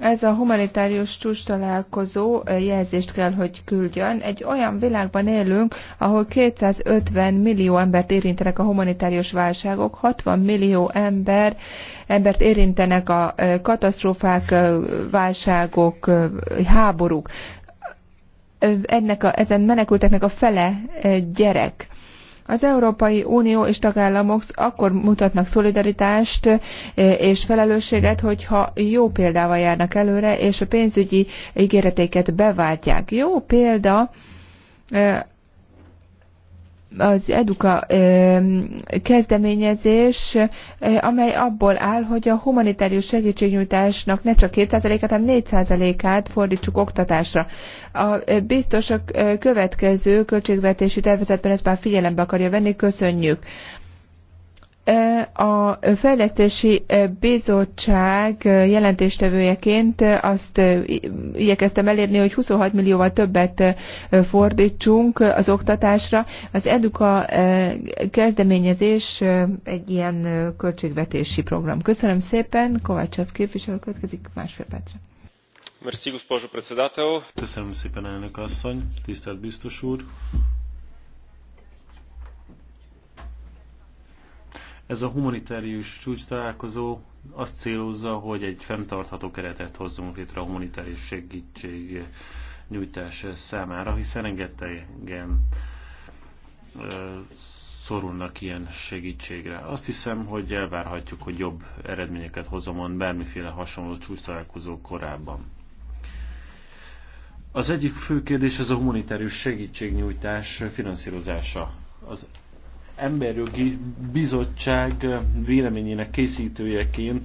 Ez a humanitárius csúcs találkozó eh, jelzést kell, hogy küldjön. Egy olyan világban élünk, ahol 250 millió embert érintenek a humanitárius válságok, 60 millió ember, embert érintenek a eh, katasztrófák, eh, válságok, háborúk. Ennek a, ezen menekülteknek a fele gyerek az Európai Unió és tagállamok akkor mutatnak szolidaritást eh, és felelősséget, hogyha jó példával járnak előre, és a pénzügyi ígéretéket beváltják. Jó példa eh, az Eduka kezdeményezés, eh, amely abból áll, hogy a humanitárius segítségnyújtásnak ne csak 2%-át, hanem 4%-át fordítsuk oktatásra. A eh, biztos a eh, következő költségvetési tervezetben ezt már figyelembe akarja venni, köszönjük. A Fejlesztési Bizottság jelentéstevőjeként azt igyekeztem elérni, hogy 26 millióval többet fordítsunk az oktatásra. Az EDUKA kezdeményezés egy ilyen költségvetési program. Köszönöm szépen, Kovácsev képviselő következik másfél percre. Merci, Köszönöm szépen, elnök asszony, tisztelt biztos úr. Ez a humanitárius csúcs találkozó azt célozza, hogy egy fenntartható keretet hozzunk létre a humanitárius segítség nyújtás számára, hiszen rengetegen szorulnak ilyen segítségre. Azt hiszem, hogy elvárhatjuk, hogy jobb eredményeket hozomon bármiféle hasonló csúcs találkozó korábban. Az egyik fő kérdés az a humanitárius segítségnyújtás finanszírozása. Az emberjogi bizottság véleményének készítőjeként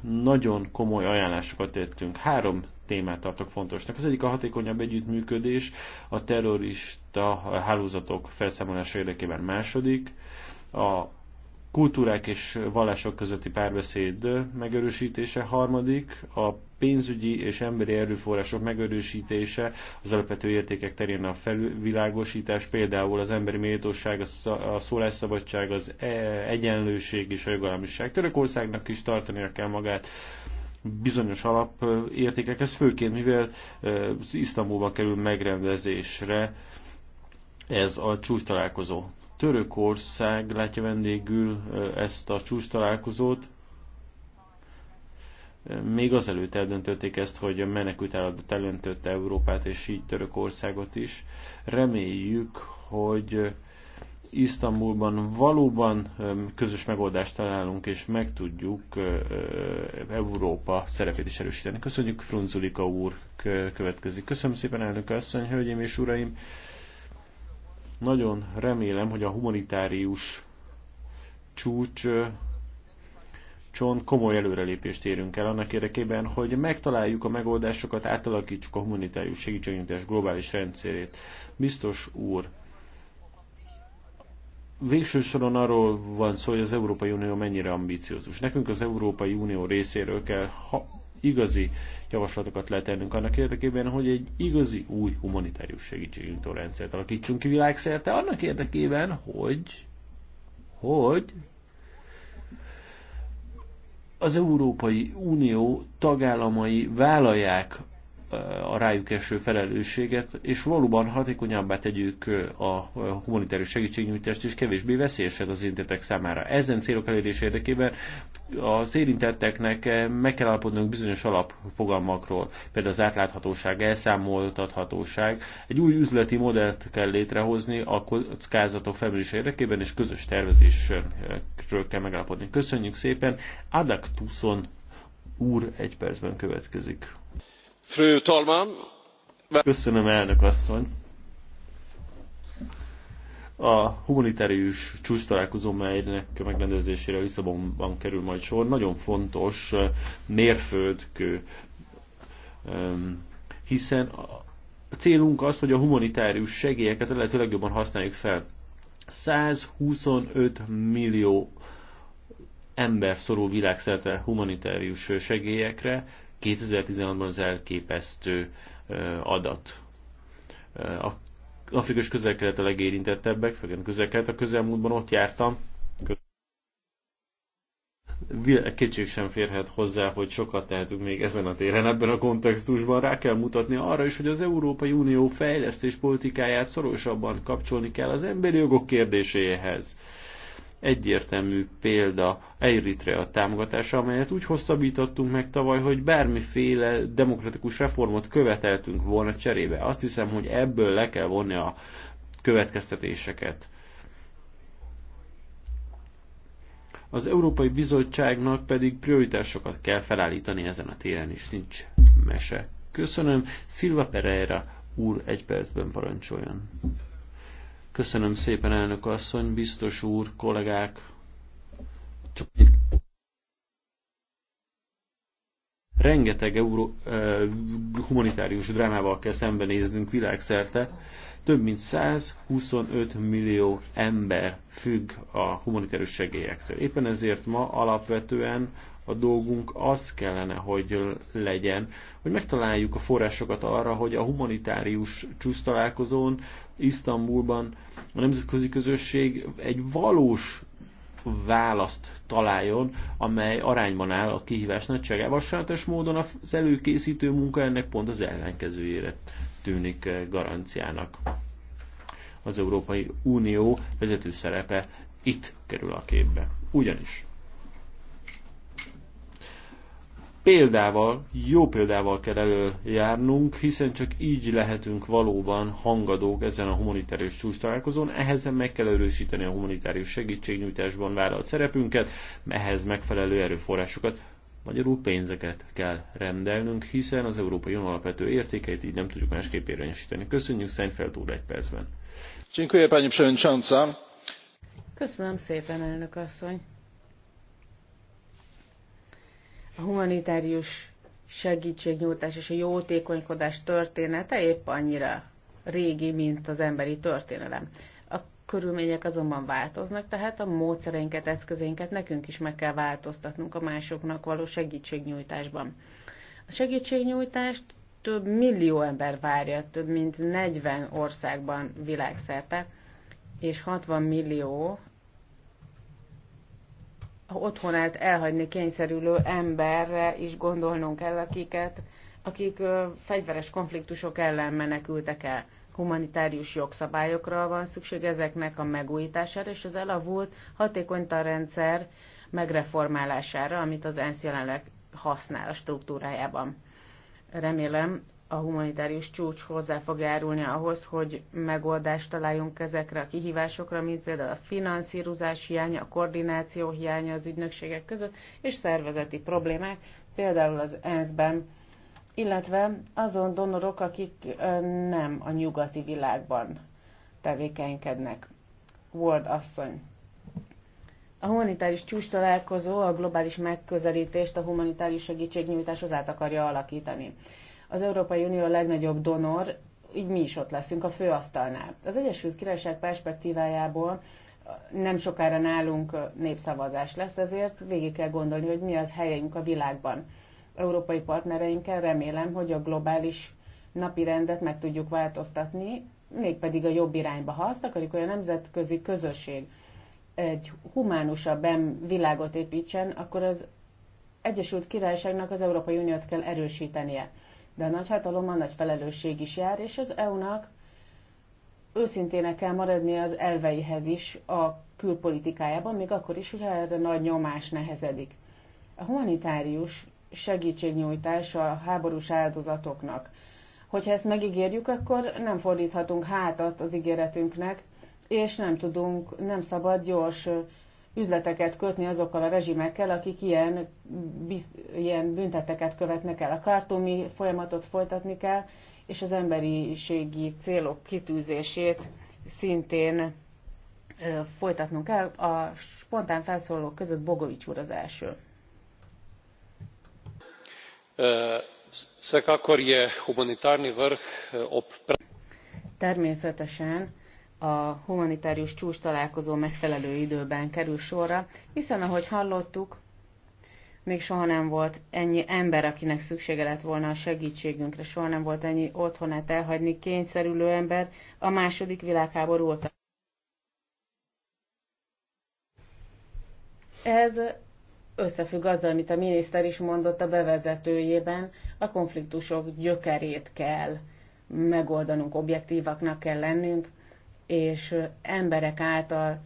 nagyon komoly ajánlásokat tettünk. Három témát tartok fontosnak. Az egyik a hatékonyabb együttműködés a terrorista hálózatok felszámolása érdekében. Második a kultúrák és vallások közötti párbeszéd megerősítése, harmadik a pénzügyi és emberi erőforrások megerősítése az alapvető értékek terén a felvilágosítás, például az emberi méltóság, a szólásszabadság, az e-, egyenlőség és a jogállamiság. Törökországnak is tartania kell magát bizonyos alapértékekhez, főként mivel e, Isztambulban kerül megrendezésre ez a csúcs találkozó. Törökország látja vendégül ezt a csúcs találkozót. Még azelőtt eldöntötték ezt, hogy a menekült állat elöntötte Európát, és így Törökországot is. Reméljük, hogy Isztambulban valóban közös megoldást találunk, és meg tudjuk Európa szerepét is erősíteni. Köszönjük, Frunzulika úr következik. Köszönöm szépen, elnök asszony, hölgyeim és uraim! Nagyon remélem, hogy a humanitárius csúcs komoly előrelépést érünk el annak érdekében, hogy megtaláljuk a megoldásokat, átalakítsuk a humanitárius segítségnyújtás globális rendszerét. Biztos úr, végső soron arról van szó, hogy az Európai Unió mennyire ambiciózus. Nekünk az Európai Unió részéről kell ha igazi javaslatokat lehet tennünk annak érdekében, hogy egy igazi új humanitárius segítségünktől rendszert alakítsunk ki világszerte, annak érdekében, hogy hogy az Európai Unió tagállamai vállalják a rájuk eső felelősséget, és valóban hatékonyabbá tegyük a humanitárius segítségnyújtást, és kevésbé veszélyeset az érintettek számára. Ezen célok elérés érdekében az érintetteknek meg kell állapodnunk bizonyos alapfogalmakról, például az átláthatóság, elszámoltathatóság. Egy új üzleti modellt kell létrehozni a kockázatok felmérése érdekében, és közös tervezésről kell megállapodni. Köszönjük szépen! tuson úr egy percben következik elnök asszony! A humanitárius csúcs melynek megrendezésére Lisszabonban kerül majd sor, nagyon fontos mérföldkő, hiszen a célunk az, hogy a humanitárius segélyeket a lehető legjobban használjuk fel. 125 millió ember szorul világszerte humanitárius segélyekre, 2016-ban az elképesztő adat. A afrikus közel-kelet a legérintettebbek, főleg közel-kelet. A közelmúltban ott jártam. Kétség sem férhet hozzá, hogy sokat tehetünk még ezen a téren, ebben a kontextusban. Rá kell mutatni arra is, hogy az Európai Unió fejlesztés politikáját szorosabban kapcsolni kell az emberi jogok kérdéséhez egyértelmű példa Eritrea támogatása, amelyet úgy hosszabbítottunk meg tavaly, hogy bármiféle demokratikus reformot követeltünk volna cserébe. Azt hiszem, hogy ebből le kell vonni a következtetéseket. Az Európai Bizottságnak pedig prioritásokat kell felállítani ezen a téren is, nincs mese. Köszönöm, Silva Pereira úr egy percben parancsoljon. Köszönöm szépen, elnök asszony, biztos úr, kollégák. Csak Rengeteg euró, humanitárius drámával kell szembenéznünk világszerte. Több mint 125 millió ember függ a humanitárius segélyektől. Éppen ezért ma alapvetően a dolgunk az kellene, hogy legyen, hogy megtaláljuk a forrásokat arra, hogy a humanitárius csúsztalálkozón, Isztambulban a nemzetközi közösség egy valós választ találjon, amely arányban áll a kihívás nagyságával. Sajátos módon az előkészítő munka ennek pont az ellenkezőjére tűnik eh, garanciának. Az Európai Unió vezető szerepe itt kerül a képbe. Ugyanis példával, jó példával kell előjárnunk, hiszen csak így lehetünk valóban hangadók ezen a humanitárius csúcs találkozón. Ehhez meg kell erősíteni a humanitárius segítségnyújtásban vállalt szerepünket, ehhez megfelelő erőforrásokat Magyarul pénzeket kell rendelnünk, hiszen az Európai Unió alapvető értékeit így nem tudjuk másképp érvényesíteni. Köszönjük Szentfeld úr egy percben. Köszönöm szépen, elnök asszony. A humanitárius segítségnyújtás és a jótékonykodás története épp annyira régi, mint az emberi történelem körülmények azonban változnak, tehát a módszereinket, eszközeinket nekünk is meg kell változtatnunk a másoknak való segítségnyújtásban. A segítségnyújtást több millió ember várja, több mint 40 országban világszerte, és 60 millió otthonát elhagyni kényszerülő emberre is gondolnunk kell, akiket, akik fegyveres konfliktusok ellen menekültek el humanitárius jogszabályokra van szükség ezeknek a megújítására, és az elavult hatékonytalan rendszer megreformálására, amit az ENSZ jelenleg használ a struktúrájában. Remélem, a humanitárius csúcs hozzá fog járulni ahhoz, hogy megoldást találjunk ezekre a kihívásokra, mint például a finanszírozás hiánya, a koordináció hiánya az ügynökségek között, és szervezeti problémák, például az ENSZ-ben illetve azon donorok, akik nem a nyugati világban tevékenykednek. Ward asszony. A humanitáris csúcs találkozó a globális megközelítést a humanitáris segítségnyújtáshoz át akarja alakítani. Az Európai Unió a legnagyobb donor, így mi is ott leszünk a főasztalnál. Az Egyesült Királyság perspektívájából nem sokára nálunk népszavazás lesz, ezért végig kell gondolni, hogy mi az helyünk a világban európai partnereinkkel remélem, hogy a globális napi rendet meg tudjuk változtatni, mégpedig a jobb irányba. Ha azt akarjuk, hogy a nemzetközi közösség egy humánusabb világot építsen, akkor az Egyesült Királyságnak az Európai Uniót kell erősítenie. De a nagy hatalommal nagy felelősség is jár, és az EU-nak őszintének kell maradni az elveihez is a külpolitikájában, még akkor is, hogyha erre nagy nyomás nehezedik. A humanitárius segítségnyújtás a háborús áldozatoknak. Hogyha ezt megígérjük, akkor nem fordíthatunk hátat az ígéretünknek, és nem tudunk, nem szabad gyors üzleteket kötni azokkal a rezsimekkel, akik ilyen, biz, ilyen bünteteket követnek el. A kartumi folyamatot folytatni kell, és az emberiségi célok kitűzését szintén folytatnunk kell. A spontán felszólalók között Bogovics úr az első természetesen a humanitárius csúcstalálkozó megfelelő időben kerül sorra hiszen ahogy hallottuk még soha nem volt ennyi ember, akinek szüksége lett volna a segítségünkre, soha nem volt ennyi otthonát elhagyni kényszerülő ember a második világháború óta. Ez összefügg azzal, amit a miniszter is mondott a bevezetőjében, a konfliktusok gyökerét kell megoldanunk, objektívaknak kell lennünk, és emberek által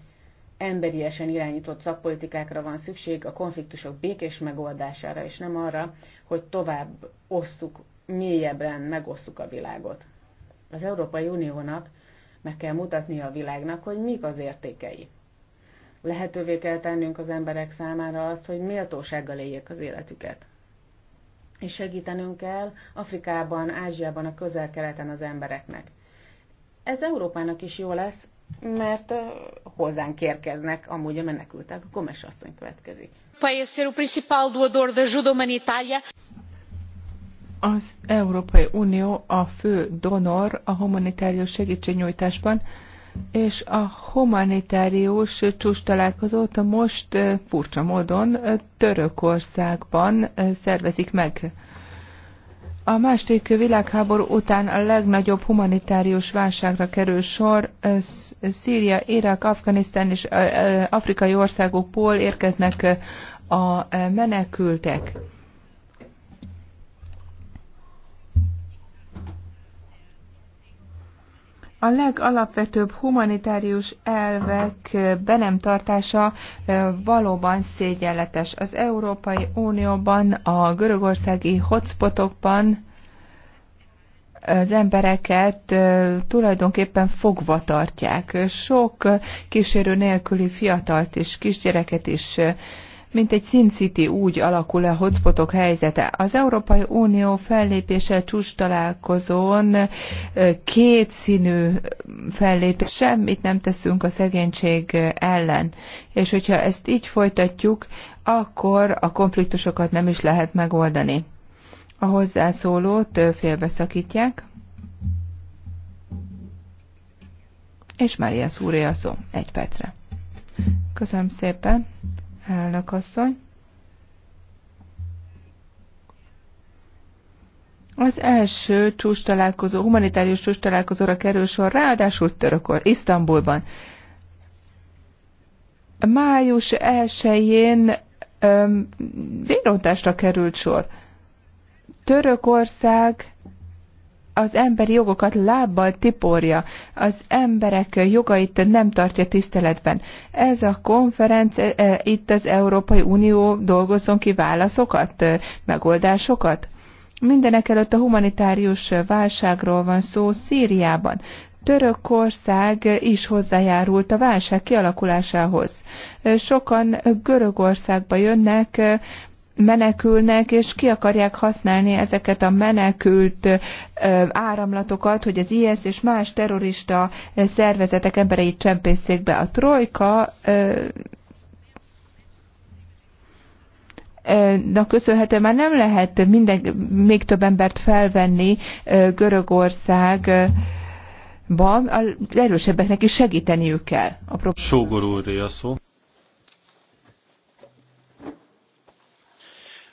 emberiesen irányított szakpolitikákra van szükség a konfliktusok békés megoldására, és nem arra, hogy tovább osszuk, mélyebben megosszuk a világot. Az Európai Uniónak meg kell mutatnia a világnak, hogy mik az értékei. Lehetővé kell tennünk az emberek számára azt, hogy méltósággal éljék az életüket. És segítenünk kell Afrikában, Ázsiában, a közel-keleten az embereknek. Ez Európának is jó lesz, mert hozzánk érkeznek amúgy a menekültek. A Gomes asszony következik. Az Európai Unió a fő donor a humanitárius segítségnyújtásban, és a humanitárius csúcs találkozót most furcsa módon Törökországban szervezik meg. A második világháború után a legnagyobb humanitárius válságra kerül sor. Szíria, Irak, Afganisztán és afrikai országokból érkeznek a menekültek. A legalapvetőbb humanitárius elvek be nem tartása valóban szégyenletes. Az Európai Unióban, a görögországi hotspotokban az embereket tulajdonképpen fogva tartják. Sok kísérő nélküli fiatalt és kisgyereket is mint egy Sin City úgy alakul a hotspotok helyzete. Az Európai Unió fellépése csúcs találkozón színű fellépés, semmit nem teszünk a szegénység ellen. És hogyha ezt így folytatjuk, akkor a konfliktusokat nem is lehet megoldani. A hozzászólót félbeszakítják. És Mária Szúré a szó. Egy percre. Köszönöm szépen. Elnök asszony. Az első csúcs találkozó, humanitárius csúcs találkozóra kerül sor, ráadásul Törökor, Isztambulban. Május 1-én vérontásra került sor. Törökország az emberi jogokat lábbal tiporja, az emberek jogait nem tartja tiszteletben. Ez a konferenc, e, e, itt az Európai Unió dolgozzon ki válaszokat, e, megoldásokat? Mindenek előtt a humanitárius válságról van szó Szíriában. Törökország is hozzájárult a válság kialakulásához. Sokan Görögországba jönnek, menekülnek, és ki akarják használni ezeket a menekült áramlatokat, hogy az IS és más terrorista szervezetek embereit csempészék be. A trojka na köszönhetően már nem lehet minden, még több embert felvenni Görögország Ban, a erősebbeknek is segíteniük kell. A Sógor úr, a szó.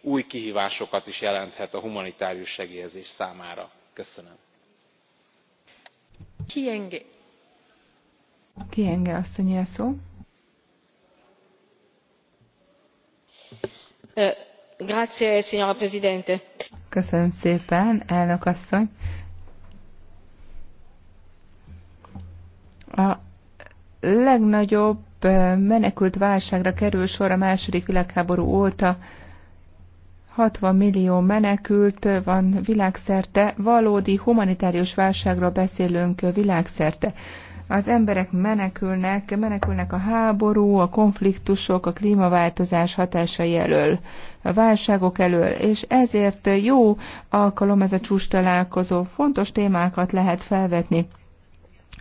új kihvásokat is jelenthet a humanitárius segélyezés számára. köszönöm. Kienge asszony szó. Grazie, signora Presidente. Köszönöm szépen, elnök asszony. A legnagyobb menekültválságra kerül sor a második világháború óta 60 millió menekült van világszerte, valódi humanitárius válságról beszélünk világszerte. Az emberek menekülnek, menekülnek a háború, a konfliktusok, a klímaváltozás hatásai elől, a válságok elől, és ezért jó alkalom ez a csúcs találkozó, fontos témákat lehet felvetni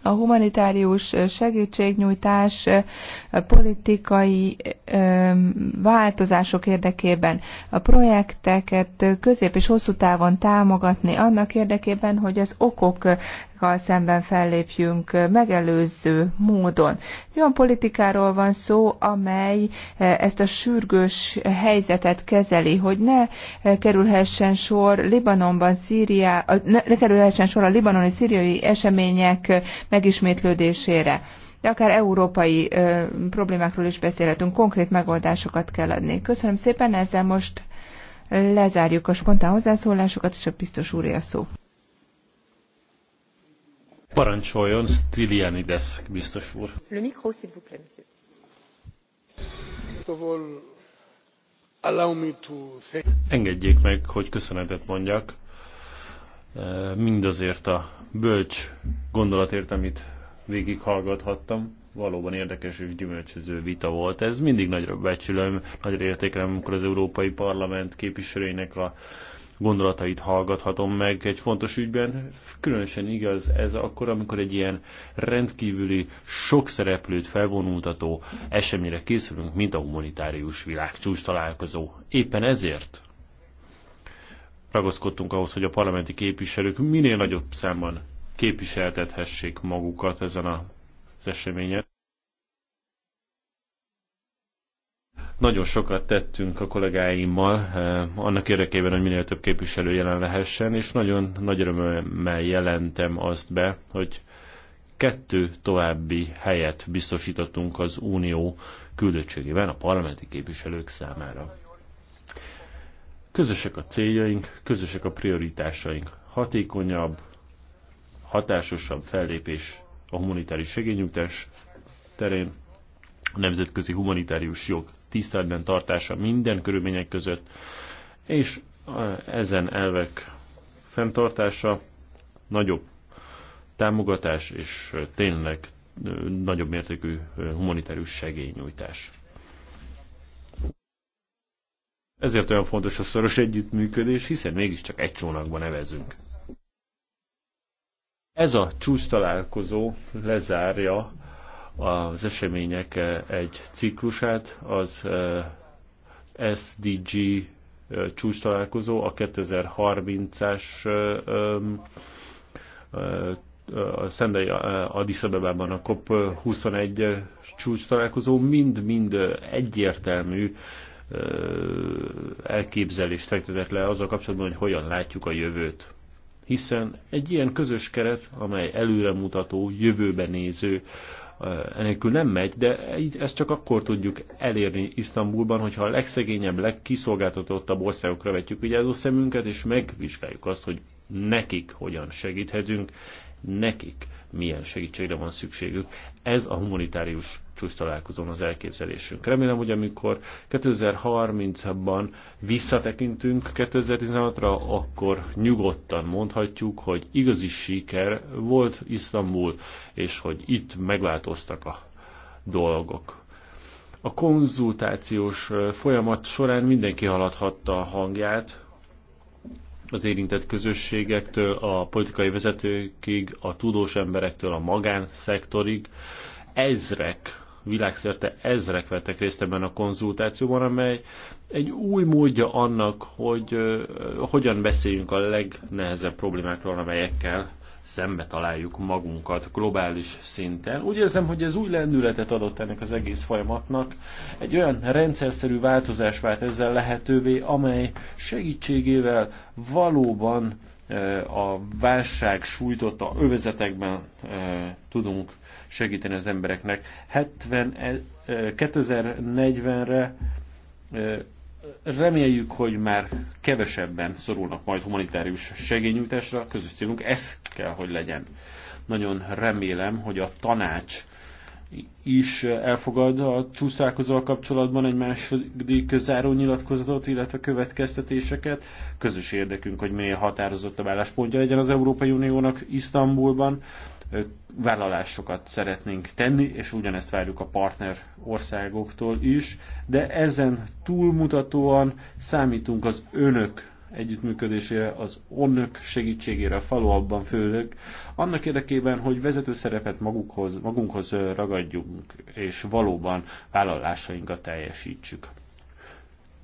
a humanitárius segítségnyújtás politikai változások érdekében a projekteket közép és hosszú távon támogatni annak érdekében, hogy az okok szemben fellépjünk megelőző módon. Olyan politikáról van szó, amely ezt a sürgős helyzetet kezeli, hogy ne kerülhessen sor Libanonban, Szíriá, ne kerülhessen sor a libanoni szíriai események megismétlődésére de akár európai ö, problémákról is beszélhetünk, konkrét megoldásokat kell adni. Köszönöm szépen, ezzel most lezárjuk a spontán hozzászólásokat, és a biztos úré a szó. Parancsoljon Stylianides biztos úr. Le micro, s'il vous plaît, monsieur. Engedjék meg, hogy köszönetet mondjak e, mindazért a bölcs gondolatért, amit végighallgathattam. Valóban érdekes és gyümölcsöző vita volt. Ez mindig nagyra becsülöm, nagyra értékelem, amikor az Európai Parlament képviselőinek a gondolatait hallgathatom meg egy fontos ügyben. Különösen igaz ez akkor, amikor egy ilyen rendkívüli, sok szereplőt felvonultató eseményre készülünk, mint a humanitárius világcsúcs találkozó. Éppen ezért ragaszkodtunk ahhoz, hogy a parlamenti képviselők minél nagyobb számban képviseltethessék magukat ezen az eseményen. Nagyon sokat tettünk a kollégáimmal eh, annak érdekében, hogy minél több képviselő jelen lehessen, és nagyon nagy örömmel jelentem azt be, hogy kettő további helyet biztosítottunk az Unió küldöttségében a parlamenti képviselők számára. Közösek a céljaink, közösek a prioritásaink. Hatékonyabb, hatásosabb fellépés a humanitári segényújtás terén, a nemzetközi humanitárius jog tiszteletben tartása minden körülmények között, és ezen elvek fenntartása nagyobb támogatás és tényleg nagyobb mértékű humanitárius segélynyújtás. Ezért olyan fontos a szoros együttműködés, hiszen mégiscsak egy csónakban nevezünk. Ez a csúcs találkozó lezárja az események eh, egy ciklusát, az eh, SDG eh, csúcs találkozó, a 2030-as a Szendei Addis a COP21 csúcs találkozó mind-mind egyértelmű elképzelést fektetett le azzal kapcsolatban, hogy hogyan látjuk a jövőt. Hiszen egy ilyen közös keret, amely előremutató, jövőbe néző, Eh, enélkül nem megy, de így ezt csak akkor tudjuk elérni Isztambulban, hogyha a legszegényebb, legkiszolgáltatottabb országokra vetjük vigyázó szemünket, és megvizsgáljuk azt, hogy nekik hogyan segíthetünk nekik milyen segítségre van szükségük. Ez a humanitárius csúcs találkozón az elképzelésünk. Remélem, hogy amikor 2030-ban visszatekintünk 2016-ra, akkor nyugodtan mondhatjuk, hogy igazi siker volt Isztambul, és hogy itt megváltoztak a dolgok. A konzultációs folyamat során mindenki haladhatta a hangját, az érintett közösségektől, a politikai vezetőkig, a tudós emberektől, a magánszektorig. Ezrek, világszerte ezrek vettek részt ebben a konzultációban, amely egy új módja annak, hogy uh, hogyan beszéljünk a legnehezebb problémákról, amelyekkel szembe találjuk magunkat globális szinten. Úgy érzem, hogy ez új lendületet adott ennek az egész folyamatnak. Egy olyan rendszerszerű változás vált ezzel lehetővé, amely segítségével valóban e, a válság sújtotta övezetekben e, tudunk segíteni az embereknek. 70, 2040-re e, Reméljük, hogy már kevesebben szorulnak majd humanitárius segényújtásra, közös célunk ez kell, hogy legyen. Nagyon remélem, hogy a tanács is elfogad a csúszálkozóval kapcsolatban egy második záró nyilatkozatot, illetve következtetéseket. Közös érdekünk, hogy minél határozottabb álláspontja legyen az Európai Uniónak Isztambulban vállalásokat szeretnénk tenni, és ugyanezt várjuk a partner országoktól is, de ezen túlmutatóan számítunk az önök együttműködésére, az onnök segítségére, a faluabban főleg, annak érdekében, hogy vezető szerepet magukhoz, magunkhoz ragadjunk, és valóban vállalásainkat teljesítsük.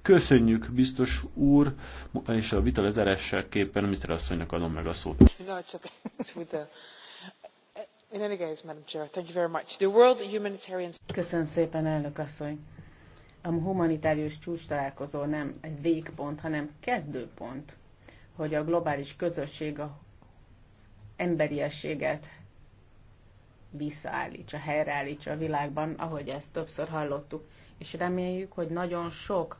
Köszönjük, biztos úr, és a vita képen, Mr. Asszonynak adom meg a szót. Köszönöm szépen, elnök asszony. A humanitárius csúcs találkozó nem egy végpont, hanem kezdőpont, hogy a globális közösség a emberiességet visszaállítsa, helyreállítsa a világban, ahogy ezt többször hallottuk. És reméljük, hogy nagyon sok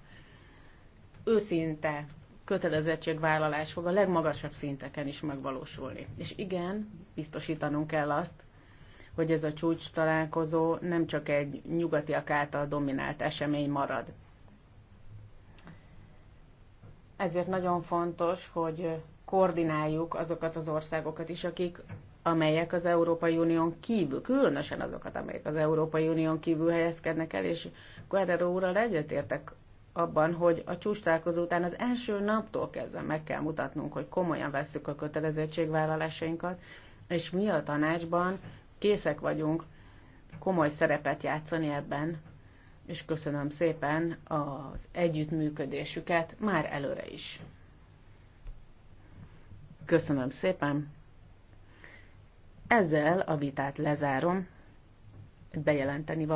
őszinte kötelezettségvállalás fog a legmagasabb szinteken is megvalósulni. És igen, biztosítanunk kell azt, hogy ez a csúcs találkozó nem csak egy nyugatiak által dominált esemény marad. Ezért nagyon fontos, hogy koordináljuk azokat az országokat is, akik amelyek az Európai Unión kívül, különösen azokat, amelyek az Európai Unión kívül helyezkednek el, és Guerrero úrral egyetértek abban, hogy a csústálkozó után az első naptól kezdve meg kell mutatnunk, hogy komolyan vesszük a kötelezettségvállalásainkat, és mi a tanácsban készek vagyunk komoly szerepet játszani ebben, és köszönöm szépen az együttműködésüket már előre is. Köszönöm szépen. Ezzel a vitát lezárom. Bejelenteni való.